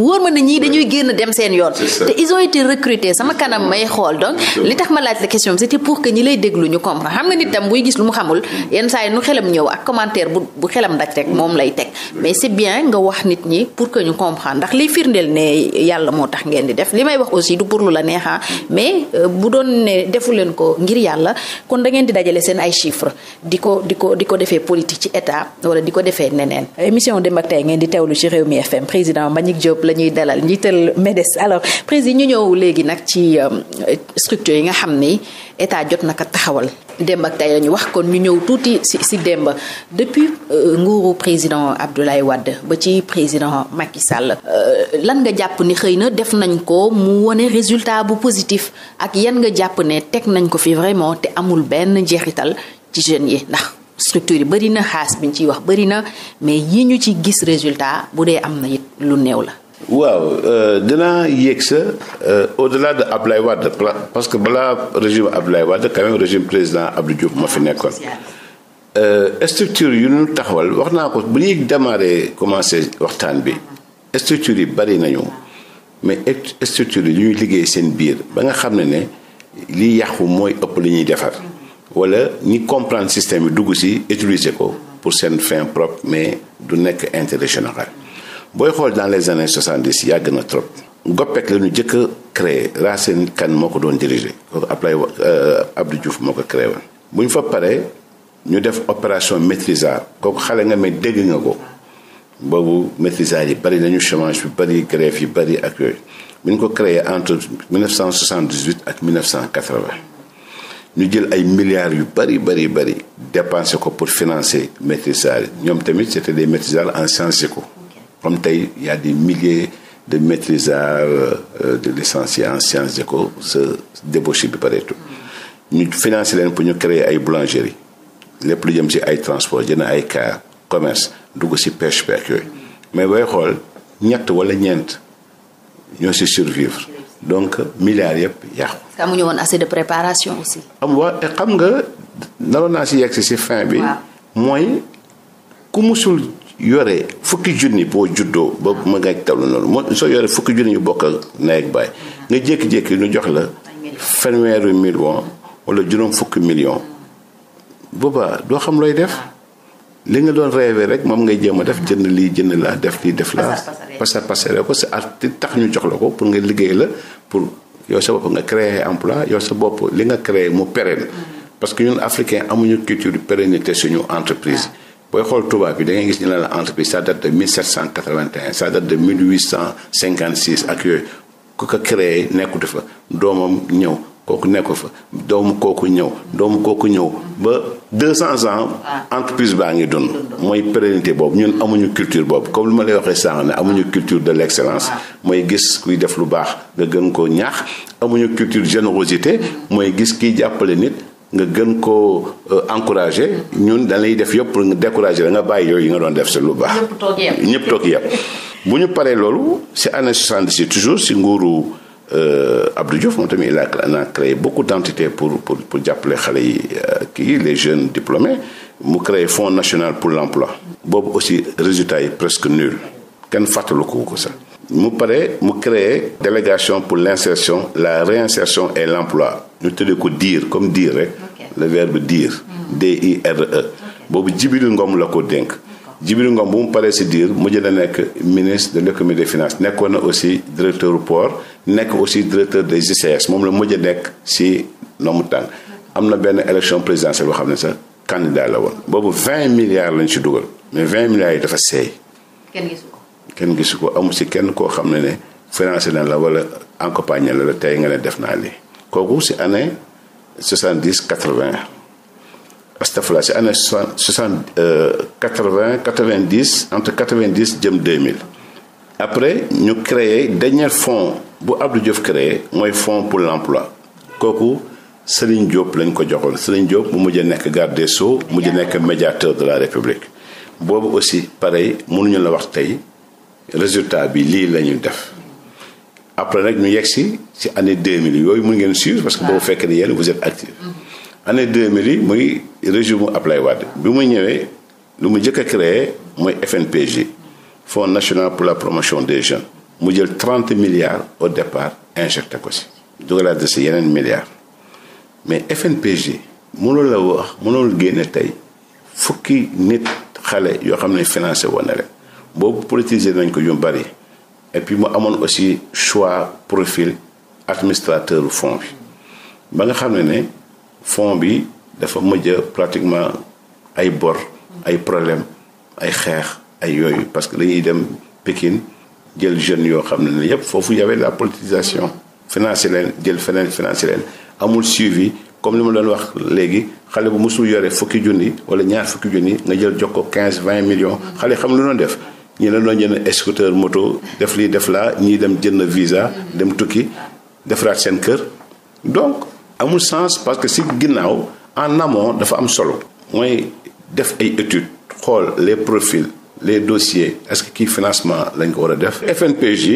mu wóor ma ne ñii dañuy génn dem seen yoon te ils ont été recrutés sama kanam may xool donc li tax ma laaj la question c'était pour que ñi lay déglu ñu comprendre xam nga nit tam buy gis lu mu xamul yenn saa yi nu xelam ñëw ak commentaire bu bu xelam daj rek moom lay teg mais c'est bien nga wax nit ñi pour que ñu comprendre ndax liy firndeel ne yàlla moo tax ngeen di def li may wax aussi du pour lu la neexaa ah. mais euh, bu doon ne defu leen ko ngir yàlla kon da ngeen di dajale seen ay chiffres di ko di ko ko defee politique ci état wala di ko defee neneen émission Demb ak Tay ngeen di teewlu ci Rewmi FM président Mbagnick Diop Diop ñuy dalal njiital MEDES alors président ñu ñëw léegi nag ci euh, structure yi nga xam ni état jot naka taxawal démb ak tey wax kon ñu ñëw tuuti si si démb depuis euh, nguuru président Abdoulaye Wade ba ci président Macky Sall euh, lan nga jàpp ni xëy na def nañ ko mu wone résultat bu positif ak yan nga jàpp ne teg nañ ko fi vraiment te amul benn jeexital ci jeunes yi ndax structure yi bëri na xaas bi ñu ciy wax bëri na mais yi ñu ci gis résultat bu dee am na it lu néew la waaw euh, dinaa yéeg sa euh, au-delà de Ablaye Wade parce que balaa régime Ablaye Wade quand régime président Abdou Diouf ma fi nekkoon. Euh, structure yu nu taxawal wax naa ko bu ñuy démarrer commencé waxtaan bi structure yi bari nañu mais structure yi ñu ñuy seen biir ba nga xam ne ne li yàqu mooy ëpp lu ñuy defar wala ñi comprendre système bi dugg si utiliser ko pour seen fin propre mais du nekk intérêt général booy xool dans les années 70 yàgg na trop goppek la jëkk a créé Racine kan moo ko doon dirigé kooku Ablaye euh, Abdou Diouf moo ko créé woon bu ñu fa paree ñu def opération maîtrisard kooku xale nga mais dégg nga ko boobu maîtrisard yi bari nañu chômage bi bari grève yi bari ak yooyu bu ñu ko créé entre 1978 ak 1980 ñu jël ay milliards yu bari bari bari dépensé ko pour financer maîtrisard yi ñoom tamit c'était des maîtrisards en sciences éco comme tey y a milliers de maîtrisards euh, euh, de licenciés en sciences ko sa débauché bi pareetul ñu financé leen pour ñu créer ay boulangerie lépp lu jëm ci ay transport jënd ay car commerce dugg ci pêche pêche yooyu mais booy xool ñett wala ñeent ñoo ci survivre donc milliards yëpp yàqu. amuñu woon assez de préparation aussi. am wa xam nga naroon naa ci yegg ci fin bi. mooy ku musul yore fukki junni boo juddoo ba ma ngay tawlu noonu moo soo yore fukki junni yu bokk ak baay nga jékki-jékki jox la fanweeri million wala juróom fukki million boobaa doo xam looy def li nga doon rêvé rek moom ngay jéem a def jënd lii jënd laa def lii def laa pasar pasare ko sa art tax ñu jox la ko pour nga liggéey la pour yow sa bopp nga créer emplois yow sa bopp li nga créer mu pérenne mm-hmm. parce que ñun africain amuñu culture pérennité suñu entreprise ah. booy xool tubaab bi da ngay gis ñu ne la entreprise ça date de 1781 ça date de 1856 ak yooyu ku ko créé nekkut fa doomam ñëw kooku nekku fa doomu kooku ñëw doomu kooku ñëw ba 200 ans. Ah. entreprise baa ngi dund. mooy pérennité boobu ñun amuñu culture boobu comme li ma lay waxee sànq ne amuñu culture de l'excellence. Ah. mooy gis kuy def lu baax nga gën koo ñaax amuñu culture générosité mm. mooy gis kiy jàppale nit. nga gën ko euh, encouragé ñun dañuy def yëpp pour nga découragé da nga bàyyi yooyu yi nga doon def si lu baax. ñëpp toog yàpp bu ñu paree loolu si année 77 toujours si nguuru euh, Abdou Diouf moom tamit il a créé beaucoup d' entités pour pour pour jàppale xale yi euh, kii les jeunes diplômés mu créer fonds national pour l' boobu aussi résultat yi presque nul kenn fàttaliku ko sax. mu pare mu créer délégation pour l'insertion la réinsertion et l'emploi ñu tëddee ko diir comme diir rek le verbe DIR hmm. d i e. boobu Djibril Ngom la ko dénk Djibril ngoom bu mu paree si diir mujj na nekk ministre de l'économie des finances nekkoon na aussi directeur port nekk aussi directeur des ICS moom la mujj a nekk si nomu tànn am na benn élection présidentielle boo xam ne sax candidat la woon boobu 20 milliards lañ si dugal mais vingt milliards yi dafa seey kenn gisu ko amul si kenn koo xam ne ne financé na la wala accompagné la la tey nga ne def naa lii kooku si année soixante dix quatre vingt astafurlah si année soixante soixante euh, quatre vingt quatre vingt dix entre quatre vingt dix jëm deux mille. après ñu créé dernier fonds bu Abdou Diouf créé mooy fonds pour l'emploi kooku Serigne Diop lañ ko joxoon Serigne Diop mu mujj nekk garde so Sceaux mujj nekk médiateur de la République boobu aussi pareil mënuñu la wax tey. résultat bi lii la ñu def après nag ñu yegg si si deux 2000 yooyu mu ngeen suivre parce que boobu fekkee ne yéen vous êtes actif mm-hmm. année 2000 yi muy régime Ablaye Wade bi mu ñëwee lu mu njëkk a créer mooy FNPJ Fonds national pour la promotion des jeunes mu jël 30 milliards au départ injecté ko si dugalaat de si yeneen milliards mais FNPJ mënul la wax mënul génne tey fukki nit xale yoo xam ne financé woon na leen boobu politiser nañ ko yu bari et puis mu amoon aussi choix profil administrateur fonds bi ba nga xam ne ne fonds bi dafa mujj pratiquement ay bor ay problème ay xeex ay yooyu parce que dañuy dem Pikine jël jeunes yoo xam ne ne yépp foofu y avait la politisation financé jël feneen financé amul suivi comme li ma doon wax léegi xale bu musul yore fukki junni wala ñaar fukki junni nga jël jox ko 15 20 millions xale xam lu doon def ñi la doon jënd scooter moto def lii def laa ñii dem jënd visa dem tukki defaraat seen kër donc amul sens parce que si ginnaaw en amont dafa am solo mooy def ay études xool les profils les dossiers est-ce que kii financement lañ ko war a def FNPJ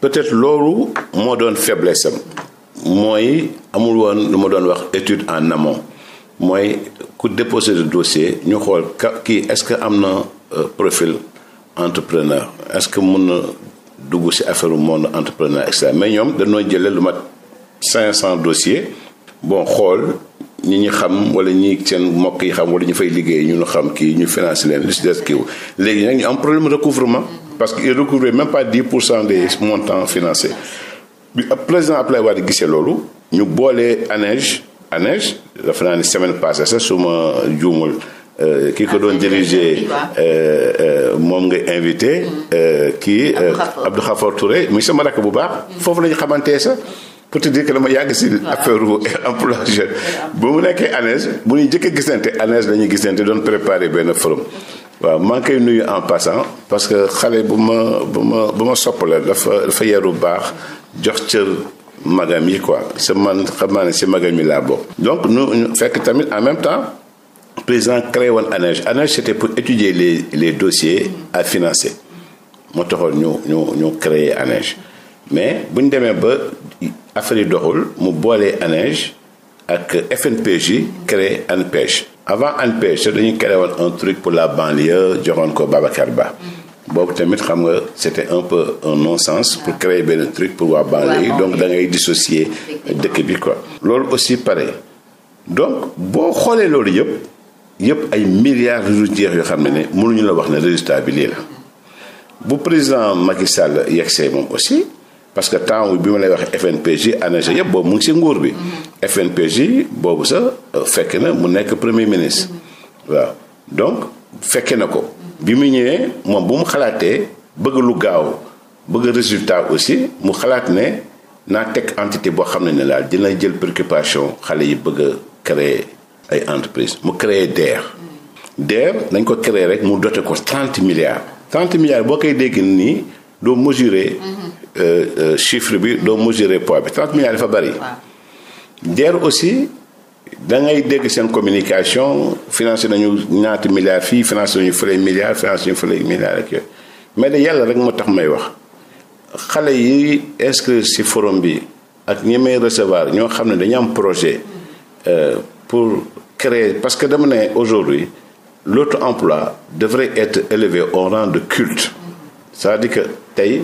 peut-être loolu moo doon faiblesse am mooy amul woon lu ma doon wax étude en amont mooy ku déposer le dossier ñu xool ka kii est-ce que am na euh, profil entrepreneur est-ce que mun na dugg ci affaire monde entrepreneur extra mais ñoom dañoo jëlee lu mat 500 dossiers boo xool ñi ñu xam wala ñi seen mbokk yi xam wala ñu fay liggéey ñu xam kii ñu financé leen lu ci des kiiw léegi nag ñu am problème recouvrement parce que il recouvrait même pas 10 pour cent des montants financés bi euh, président Abdoulaye Wade gisee loolu ñu boolee ANEJ ANEJ dafa naa ni semaine passée sax su ma juumul Euh, ki ko doon diriger euh, euh, moom nga invité mm. kii Abdou Khafor Touré muy sama rakk bu baax mm. foofu lañu xamantee sax pour te dire que dama yàgg si affaire u emploi jeune mu nekkee ANES bu ñuy jëkk a gisante lañuy dañuy gisante doon préparer benn forum waaw maa ngi koy nuyu en passant parce que xale bu ma bu ma bu ma sopp la dafa dafa yaru baax jox cër magam yi quoi sa man xam naa ne si magam yi laa bokk donc nu fekk tamit en même temps président créé woon ANEJ ANEJ c'était pour les les dossiers à financer ñu ñu ñu créé ANEJ mais bu ñu demee ba affaire yi mu boolee ANEJ ak FNPJ créé ANPEJ avant ANPEJ sax dañuy créé woon un truc pour la banlieue joxoon ko Babacar Ba boobu tamit xam nga c'était un peu un non-sens pour créer benn truc pour waa banlieue yi donc da ngay dëkk bi quoi loolu aussi pare donc boo xoolee loolu yëpp yëpp ay milliards yu jeex yoo xam ne ne mënuñu la wax ne résultat bi lii la bu président Macky Sall yegsee moom aussi parce que temps bi ma lay wax fnp ANAJ yëpp boobu mu ngi si nguur bi. FNPJ boobu sax euh, fekk na mu nekk premier ministre. waaw donc fekke na ko. bi mu ñëwee moom bu mu xalaatee bëgg lu gaaw bëgg résultat aussi mu xalaat ne naa teg entité boo xam ne ne daal dina jël préoccupation xale yi bëgg a créer. ay entreprise mu créer DER. DER dañ ko créer rek mu dote ko trente milliards trente milliards boo koy dégg nii doo mesurer mhm. euh, euh, chiffre bi doo mesurer poids bi trente milliards dafa bari. DER aussi da ngay dégg seen communication financé nañu ñaati milliards fii financé nañu fële milliards financé nañu fële milliards ak yooyu mais de yàlla rek moo tax may wax xale yi inscrire ci forum bi ak ñi may recevoir ñoo xam ne dañu am projet euh, pour créer parce que dama ne aujourd'hui l'auto-emploi devrait être élevé au rang de culte c'est-à-dire que tey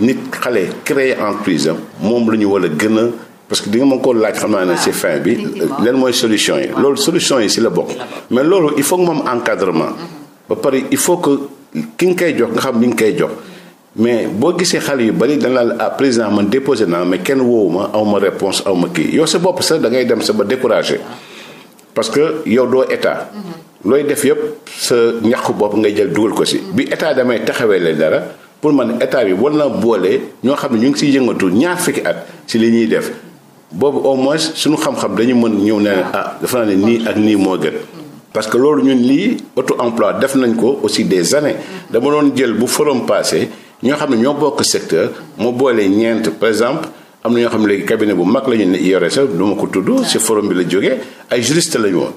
nit xale créer en am moom lu ñu war a gën a parce que di nga mën koo laaj xam naa ne ci fin bi leen ah, mooy solution yi loolu solution yi si la bokk mais loolu il faut que moom encadrement mm-hmm. ba pare il faut que ki nga koy jox nga xam ni nga koy jox mais boo gisee xale yu bari dañ la à ah, président man déposé naa mais kenn woowu ma aw ma réponse aw ma kii yow sa bopp sax da ngay dem sa ba découragé ah. parce que yow doo état. Mhm. looy def yëpp sa ñàqu bopp ngay jël dugal ko si. Mhm. bi état damay taxawee la dara pour man état bi war na boole ñoo xam ne ñu ngi siy yëngatu ñaar fukki at si li ñuy def boobu au moins suñu xam-xam dañu mën ñëw ne ah, ah dafa naa ne nii ak nii moo gën. Mhm. parce que loolu ñun nii auto emploi def nañ ko aussi des années. dama doon jël bu forom passé ñoo xam ne ñoo bokk secteur moo boolee ñeent par exemple. am na ñoo xam ne léegi cabinet bu mag la ñu yore sax du ma ko tudd ci forum bi la jógee ay juriste la ñu woon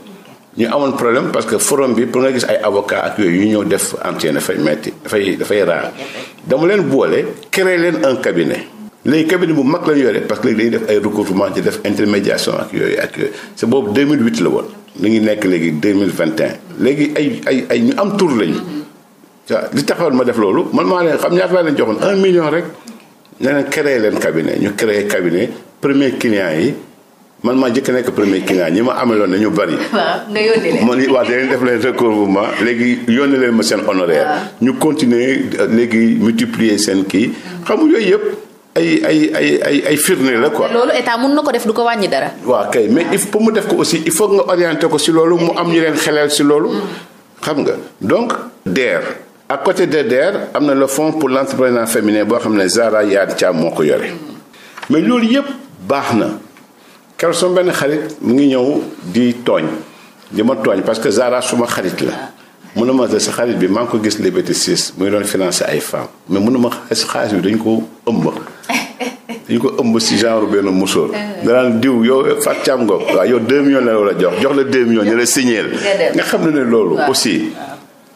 ñu amoon problème parce que forum bi pour nga gis ay avocat ak yooyu ñu ñëw def entretien dafay metti dafay dafay raar dama leen boole créer leen un cabinet léegi cabinet bu mag la yore parce que léegi def ay recouvrement ci def intermédiation ak yooyu ak yooyu c'est boobu 2008 la woon li ngi nekk léegi 2021 léegi ay ay ay ñu am tour lañu mm-hmm. waaw li taxawoon ma def loolu man maa leen xam ñaata laa leen joxoon un million rek ne leen créé leen cabinet ñu créé cabinet premier client yi man maa njëkk nekk premier client ñi ma ameloon nañu bari. (laughs) waaw nga yónni leen man waaw dañuy def leen recouvrement léegi yónni leen ma seen honoraire. ñu continuer léegi multiplier seen kii. xamul yooyu yëpp ay ay ay ay ay firnde la ko loolu état na ko def du ko wàññi dara. waaw kay mais il faut mu def ko aussi il faut nga orienté ko si loolu mu am ñu leen xelal si loolu. Mm. xam nga donc DER. ak côté d'EDER am na le fonds pour l'entrepreneuriat féminin boo xam ne Zahra Iyane Thiam moo ko yore mais loolu yëpp baax na keroog sama benn xarit mu ngi ñëw di tooñ di ma tooñ parce que Zahra suma xarit la mun na ma sa xarit bi maa ngi ko gis Liberté 6 muy doon financé ay femmes mais mun na ma xaalis bi dañ ko ëmb (laughs) dañ ko ëmb si genre benn musóor ah danaan diw yow Fatou Thiam Ngom waaw yow 2 millions la la jox jox la 2 ñu la signeel nga xam ne ne loolu aussi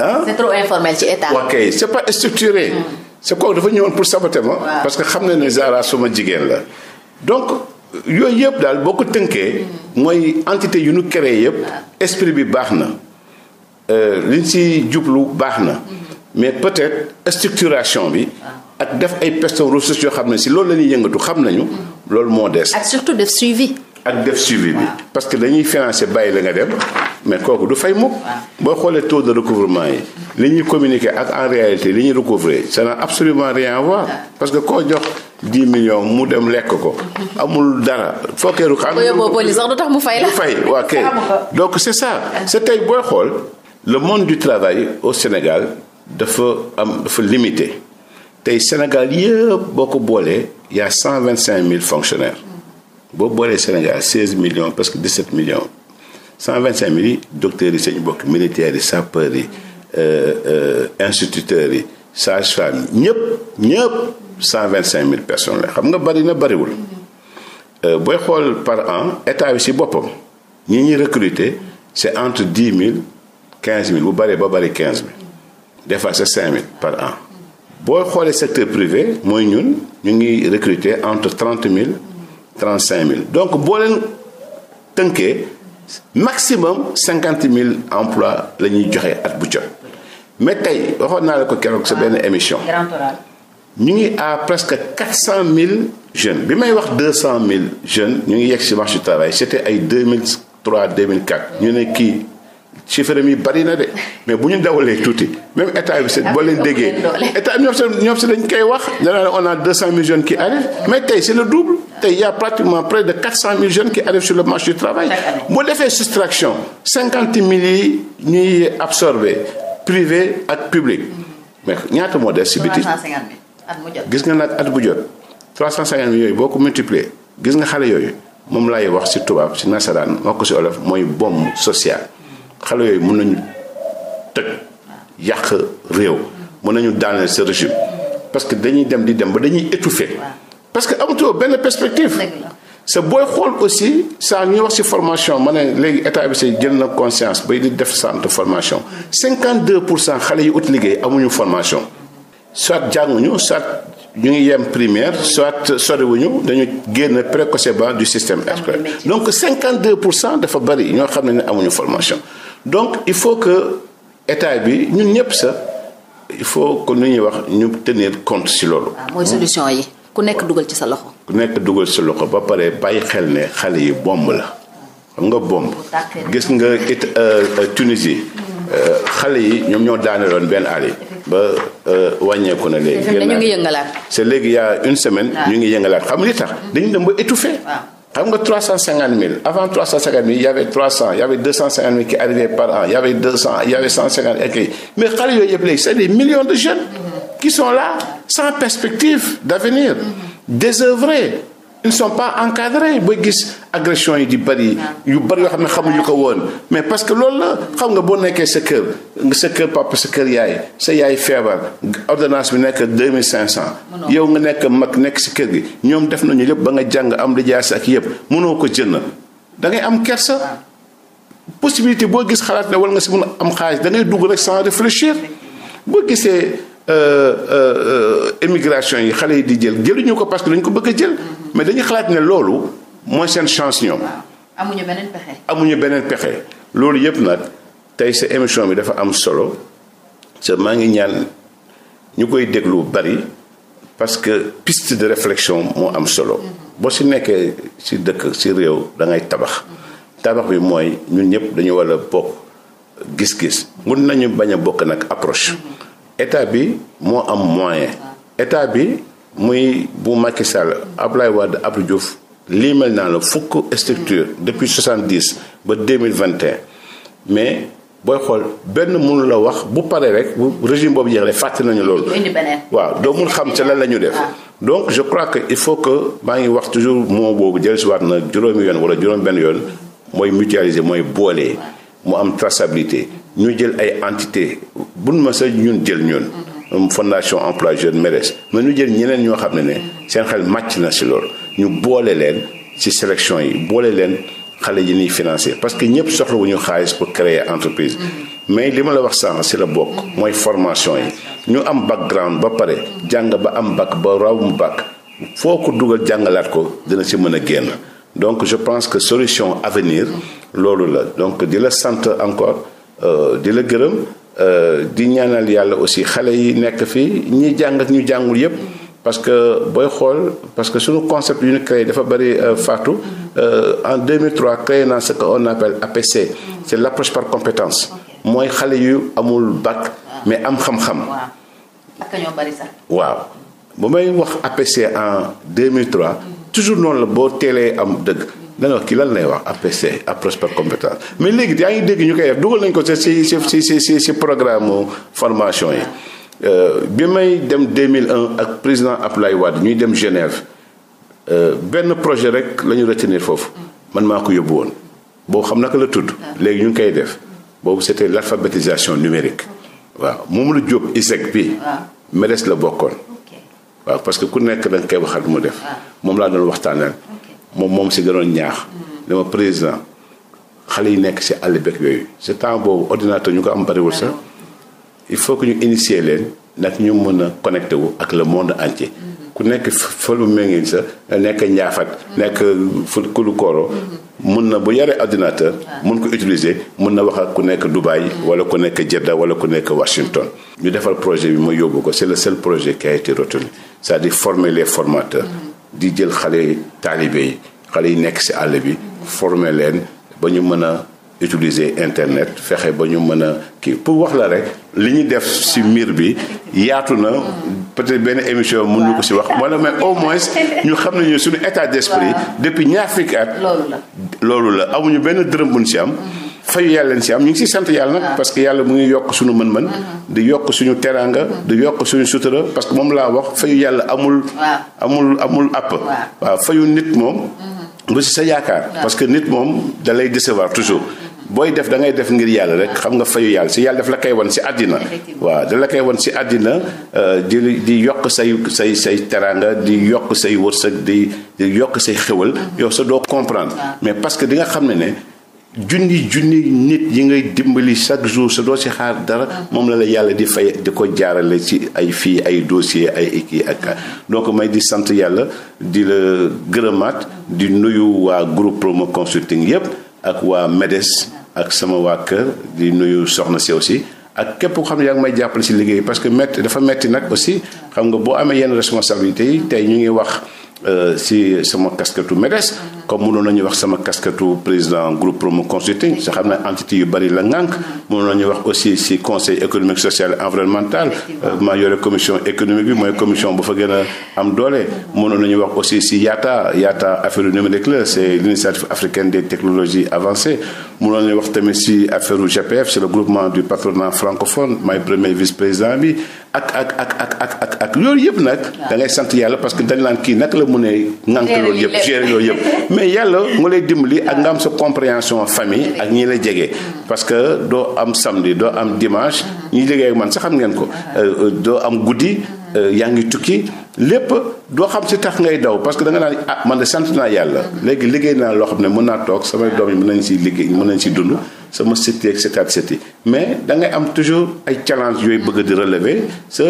ah c'est trop informel ci état. ok c'est pas structuré. Hmm. c'est kooku dafa ñëwoon pour saboter ma. parce que xam na ne Zahra suma jigéen la donc. yooyu yëpp daal boo ko tënkee hmm. mooy entité yu nu créé yëpp esprit bi baax na euh, liñ ci jublu baax na hmm. mais peut-être structuration bi ak def ay personnes ressources yoo xam ne si loolu la ñuy yëngatu xam nañu loolu moo des. ak surtout def suivi. ak def suivi bi parce que dañuy financé bàyyi la nga dem mais kooku du fay mukk boo xoolee taux de recouvrement yi li ñuy communiqué ak en réalité li ñuy recouvrer ça n'a absolument rien à parce que koo jox 10 millions mu dem lekk ko amul dara fookeeru ko am sax du tax mu fay la fay waa kay donc c'est ça c'est tey booy xool le monde du travail au Sénégal dafa am dafa limité tey Sénégal yëpp boo ko boolee y a 125 mille fonctionnaires boo boolee Sénégal 16 millions parce que cent millions 125 mille yi docteurs yi sañu bokk militaires yi sapeurs yi euh, euh, instituteurs yi sages-femmes yi ñëpp vingt cinq mille personnes la xam nga bari na bariwul. Euh, booy xool par an état bi ci boppam ñi ñuy recruter c'est entre 10 mille 15 000 bu baree ba bari quinze 000 des fois c'est 5 000 par an boo xoolee secteur privé mooy ñun ñu ngi recruter entre 30 000. 35 000 donc boo leen tënkee maximum cinquante mille emploi la ñuy joxe at bu jot mais tey waxoon naa la ko keroog sa benn ah, émission. ñu ngi à presque cent mille jeunes bi may wax deux cent mille jeunes ñu ngi yegg ci marché du travail c'était ay 2003 2004 ñu ne kii. chiffres yi bari na de mais bu ñu dawalee tuuti même état bi boo leen déggee état bi ñoom si la si koy wax danaa ne on a 200000 jeunes qui arrivent mais tey c'est le double tey y a pratiquement près de 400000 jeunes qui arrivent sur le marché du travail boo defee soustraction 50000 yi ñuy absorbé privé ak public mais ñaata moo des si biti gis nga nag at bu jot 350 yooyu boo ko multiplier gis nga xale yooyu moom laay wax si tubaab si nasaraan wax ko si olof mooy bombe social xale yooyu mun nañu toj yàq réew mun nañu daaneel sa régime parce que dañuy dem di dem ba dañuy étouffé parce que amatoo benn perspective sa booy xool aussi saa ñuy wax si formation ma ne léegi état bi say jël na conscience bay di def centre formation 52 pour cent xale yi ut liggéey amuñu formation soit jànguñu soit ñu ngi yem primaire soit soriwuñu dañu génn précocement du système scolaire donc 52 pour cent dafa bari ñoo xam ne ni amuñu formation donc il faut que état bi ñun ñëpp sa il faut que nu ñuy wax ñu tenir compte si loolu. Ah, mooy yi ku nekk dugal ci sa loxo. ku nekk dugal sa loxo ba pare bàyyi xel ne xale yi bomb la xam nga bomb. gis nga it euh, euh, Tunisie. Euh, xale yi ñoom ñoo daaneel daaneloon benn àll ba wàññeeku na léegi. ñu ngi yëngalaat. c'est léegi y a une semaine. Ah. ñu ngi yëngalaat xam li tax dañu dem ba étouffé. Ah. xam nga 350 000 avant 350 000 y avait 300 y avait 250 000 qui arrivaient par an y avait 200 y avait 150 et quelques mais xale yooyu yëpp des millions de jeunes qui sont là sans perspective d'avenir mm-hmm. désœuvrés ils sont pas encadrés ba gis agression yi di bëri yu bëri yoo xam ne xamuñu ko woon mais parce que loolu la xam nga boo nekkee sa kër sa kër papa sa kër yaay sa yaay feebar ordonnance bi nekk cent yow nga nekk mag nekk si kër gi ñoom def nañu lépp ba nga jàng am di ak yëpp mënoo ko jënd da ngay am kersa possibilité boo gis xalaat ne war nga si mun am xaalis da ngay dugg rek sans réfléchir boo gisee. Euh, euh, émigration yi xale yi di jël jëluñu ko parce que dañu ko bëgg a jël. Mhm. mais dañu xalaat ne loolu mooy seen chance ñoom. amuñu beneen pexe. loolu yëpp nag tey sa émission bi dafa am solo sa maa ngi ñaan ñu koy déglu bari parce que piste de reflexion moo am solo. Mhm. boo si nekkee si dëkk si réew da ngay tabax. Mhm. tabax bi mooy ñun ñëpp dañu war a bokk gis-gis mun nañu bañ a bokk nag approche. état bi moo am moyen état bi muy bu Macky Sall Ablaye Wade Abdou Diouf lii mel naa la fukk structure mm. depuis 70 ba 2021 mais booy xool benn mënu la wax bu paree rek bu régime boobu jeexle fàtte nañu loolu waaw doo mun xam ci lan la ñu def donc je crois que il faut que maa ngi wax toujours moo boobu jël si waat na juróomi yoon wala juróom benn yoon mooy mutualiser mooy boolee mu am traçabilité ñu jël ay entité buñ ma sa ñun jël ñun. Mm-hmm. fondation emploi jeune MEDES mais ñu jël ñeneen ñoo xam ne ne mm-hmm. seen xel màcc na si lool ñu boole leen ci sélection yi boole leen xale yi ñuy financé parce que ñëpp soxla wu ñu xaalis pour créer entreprise. Mm-hmm. mais li ma la wax sànq si la bokk. mooy formation yi ñu am background ba pare jàng ba am bac ba raw mu bac foo ko dugal jàngalaat ko dina si mën a génn. donc je pense que solution avenir loolu la donc di la sant encore euh, di la gërëm euh, di ñaanal yàlla aussi xale yi nekk fii ñi jàng ñu jàngul yépp parce que booy xool parce que suñu concept yu ñu créé dafa bëri euh, faatu en 2003 créé naa ce qu'on appelle APC c'est l'approche par compétence mooy xale yu amul bac mais am xam-xam waaw bu may wax APC en 2003 toujours noonu la boo teelee am dëgg dana wax kii lan lay wax APC approche par compétence mais léegi yaa ngi dégg ñu koy def dugal nañ ko si si si si si programme formation yi euh, bi may dem deux mille un ak président Abdoulaye Wade ñuy dem Genève euh, benn projet rek la ñu retenir foofu man maa ko yóbbu woon boo xam naka la tudd léegi ñu ngi koy def boobu c'était l'alphabétisation numérique waaw moom la jóg ISEC bi MEDES la bokkoon waaw parce que ku nekk da nga koy waxal mu def. Ah. moom laa doon waxtaanal. moom moom si gënoon ñaax. Hmm. dama président xale yi nekk si àll beeg yooyu. ce temps boobu ordinateur ñu ko am bariwul sax il faut que ñu initier leen ndax ñu mën na connecté wu ak le monde entier. Hmm. ku nekk fël bu méngin sa nekk njaafat hmm. nekk fu kulukooro mun na bu yaree ordinateur ah. mun ko utiliser mën na wax ak ku nekk Dubaï wala ku nekk Jeddah wala ku nekk Washington ñu defal projet bi ma yóbbu ko c'est le seul projet qui a cest à di former les formateurs. di jël xale taalibe yi xale yi nekk ci àll bi. former leen ba ñu mën a utiliser internet fexe ba ñu mën a kii pour wax la rek li ñu def ci mbir bi yaatu na peut-être benn émission mën ñu ko ci wax wala mais au moins ñu xam nañu suñu état d'esprit depuis ñaar fukki at. loolu la loolu la amuñu benn dërëm bu ñu ci am. fayu yàlla leen si am ñu ngi si sant yàlla nag ah. parce que yàlla mu ngi yokk suñu mën-mën ah. di yokk suñu teraanga ah. di yokk suñu sutura parce que moom laa wax fayu yàlla amul amul amul àpp fayu nit moom bu mm-hmm. si sa yaakaar parce que nit moom da lay décevoir toujours mm-hmm. booy def da ngay def ngir yàlla rek xam nga fayu yàlla si yàlla daf la koy si àddina waaw da la koy wan si euh, di di yokk say say say teraanga di yokk say wërsëg di di yokk say xéwal mm-hmm. yow sa doo comprendre mais parce que di nga xam ne ne junni junni nit yi ngay dimbali chaque jour sa doo si xaar dara ah. moom la la yàlla di fay di ko jaarale ci ay fii ay dossier ay kii ak ko ah. may di sant yàlla di la gërëmaat di nuyu waa groupe promo consulting yépp ak waa MEDES ak sama waa kër di nuyu soxna si aussi ak képp koo xam ne may jàppale si liggéey parce que métti dafa métti nag aussi ah. xam nga boo amee yenn responsabilité yi tey ñu ngi wax Euh, si sama casquette MEDES comme mënoon nañu wax sama casquette président groupe promo consulting sa xam ne entité yu bari la ngànk mënoon nañu wax aussi si conseil économique social et environnemental euh, maa yore commission économique bi mooy commission bu fa gën a am doole mënoon nañu wax aussi si YATA YATA affaire yu numérique la c'est l'initiative africaine des technologies avancées mënoon nañu wax tamit si affaire GPF c'est le groupement du patronat francophone maay premier vice président bi ak ak ak ak ak ak ak loolu yëpp nag. da ngay sant yàlla parce que dañ naan kii naka la mun a. ŋànk loolu yëpp gérer loolu yëpp. (laughs) mais yàlla mu lay dimbali ak nga am sa compréhension famille ak ñii la jege. Mm-hmm. parce que doo am samedi doo am dimanche. Mm-hmm. ñi jege man sax xam ngeen ko uh-huh. euh, euh, doo am guddi. Mm-hmm. Euh, yaa ngi tukki lépp doo xam si tax ngay daw parce que da nga naan ah man de sant naa yàlla léegi liggéey naa loo xam ne mën naa toog samay doom yi mën nañ si liggéey mën nañ si dund sama sët yi ak mais da ngay am toujours ay challenge yooyu bëgg di relever sa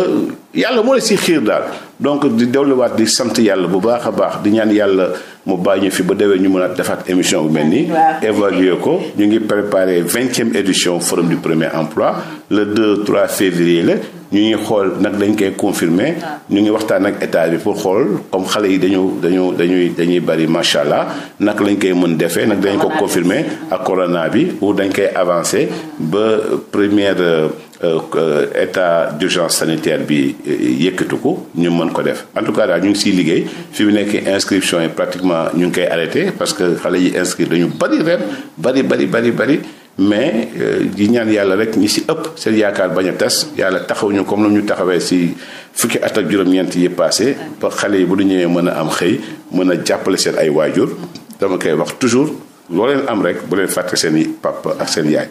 yàlla moo la si xiir daal donc di delluwaat di sant yàlla bu baax a baax di ñaan yàlla mu bàyyi ñu fi ba dewee ñu mën a defaat émission bu mel nii évaluer ko ñu ngi préparer vingtième édition forum du premier emploi le 2 3 février la ñu ngi xool nag dañ koy confirmer ah. ñu ngi waxtaan ak état bi pour xool comme xale yi dañu dañu dañuy dañuy bari macha allah nag lañ koy mën defee nag dañ ko confirmer ak corona bi pour dañ koy avancé ba première euh, état d'urgence sanitaire bi euh, yëkkatu ko ñu mën ko def en tout cas daal ñu ngi siy liggéey fi mu nekk inscription yi pratiquement ñu ngi koy arrêté parce que xale yi inscrit dañu bari ren bari bari bari bari mais euh, di ñaan yàlla rek ñi si ëpp seen yaakaar bañ a tas yàlla taxaw ñu comme ñu taxawee si fukki at ak juróom-ñeent yi passé ba xale yi bu ñu ñëwee mën a am xëy mën a jàppale seen ay waajur dama koy wax toujours loo leen am rek bu leen fàtte seen papa ak seen yaay.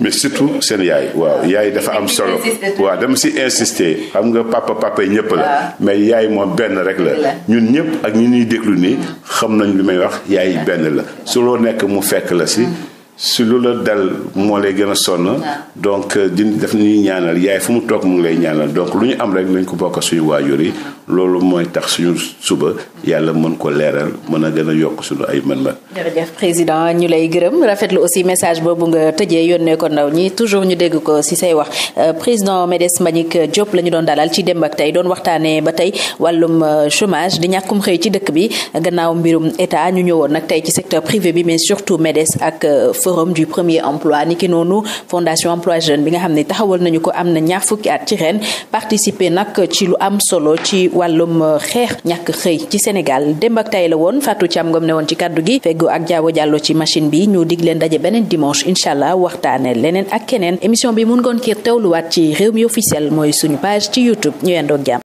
mais surtout seen yaay. waaw yaay dafa am solo. waa dama si insister xam nga papa papa yi ñëpp la. mais yaay moom benn rek la. ñun ñëpp ak ñu ñuy déglu nii xam nañ li may wax yaay benn la su nekk mu fekk la si. Mm. su lu la dal moo lay gën a sonn. donc euh, di def ñuy ñaanal yaay fu mu toog mu ngi lay ñaanal donc lu ñu am rek nañ ko bokk suñu waajur yi. loolu mooy tax suñu suba yàlla mën ko leeral mën a gën a yokk suñu ay mën-mën. président ñu lay gërëm rafetlu aussi message boobu nga tëjee yónnee ko ndaw ñi toujours ñu dégg ko si say wax euh, président MEDS Mbagnick Diop la ñu doon dalal ci dem ak tey doon waxtaanee ba tey wàllum euh, chômage di ñàkkum xëy ci dëkk bi gannaaw mbirum état ñu ñëwoon nag tey ci secteur privé bi mais surtout MEDS ak euh, forum du premier emploi niki noonu fondation emploi jeune bi nga xam ne taxawal nañu ko am na ñaar fukki at ci ren participer nag ci lu am solo wàllum euh, xeex ñàkk xëy ci Sénégal démb ak tay la woon Fatou Thiam Ngom ne woon ci kaddu gi feggu ak Diabo Diallo ci machine bi ñu dig leen daje beneen dimanche incha allah waxtaane leneen ak keneen émission bi mun ngoon kiir teewluwaat ci réew mi officiel mooy suñu page ci YouTube ñu yendoog jàmm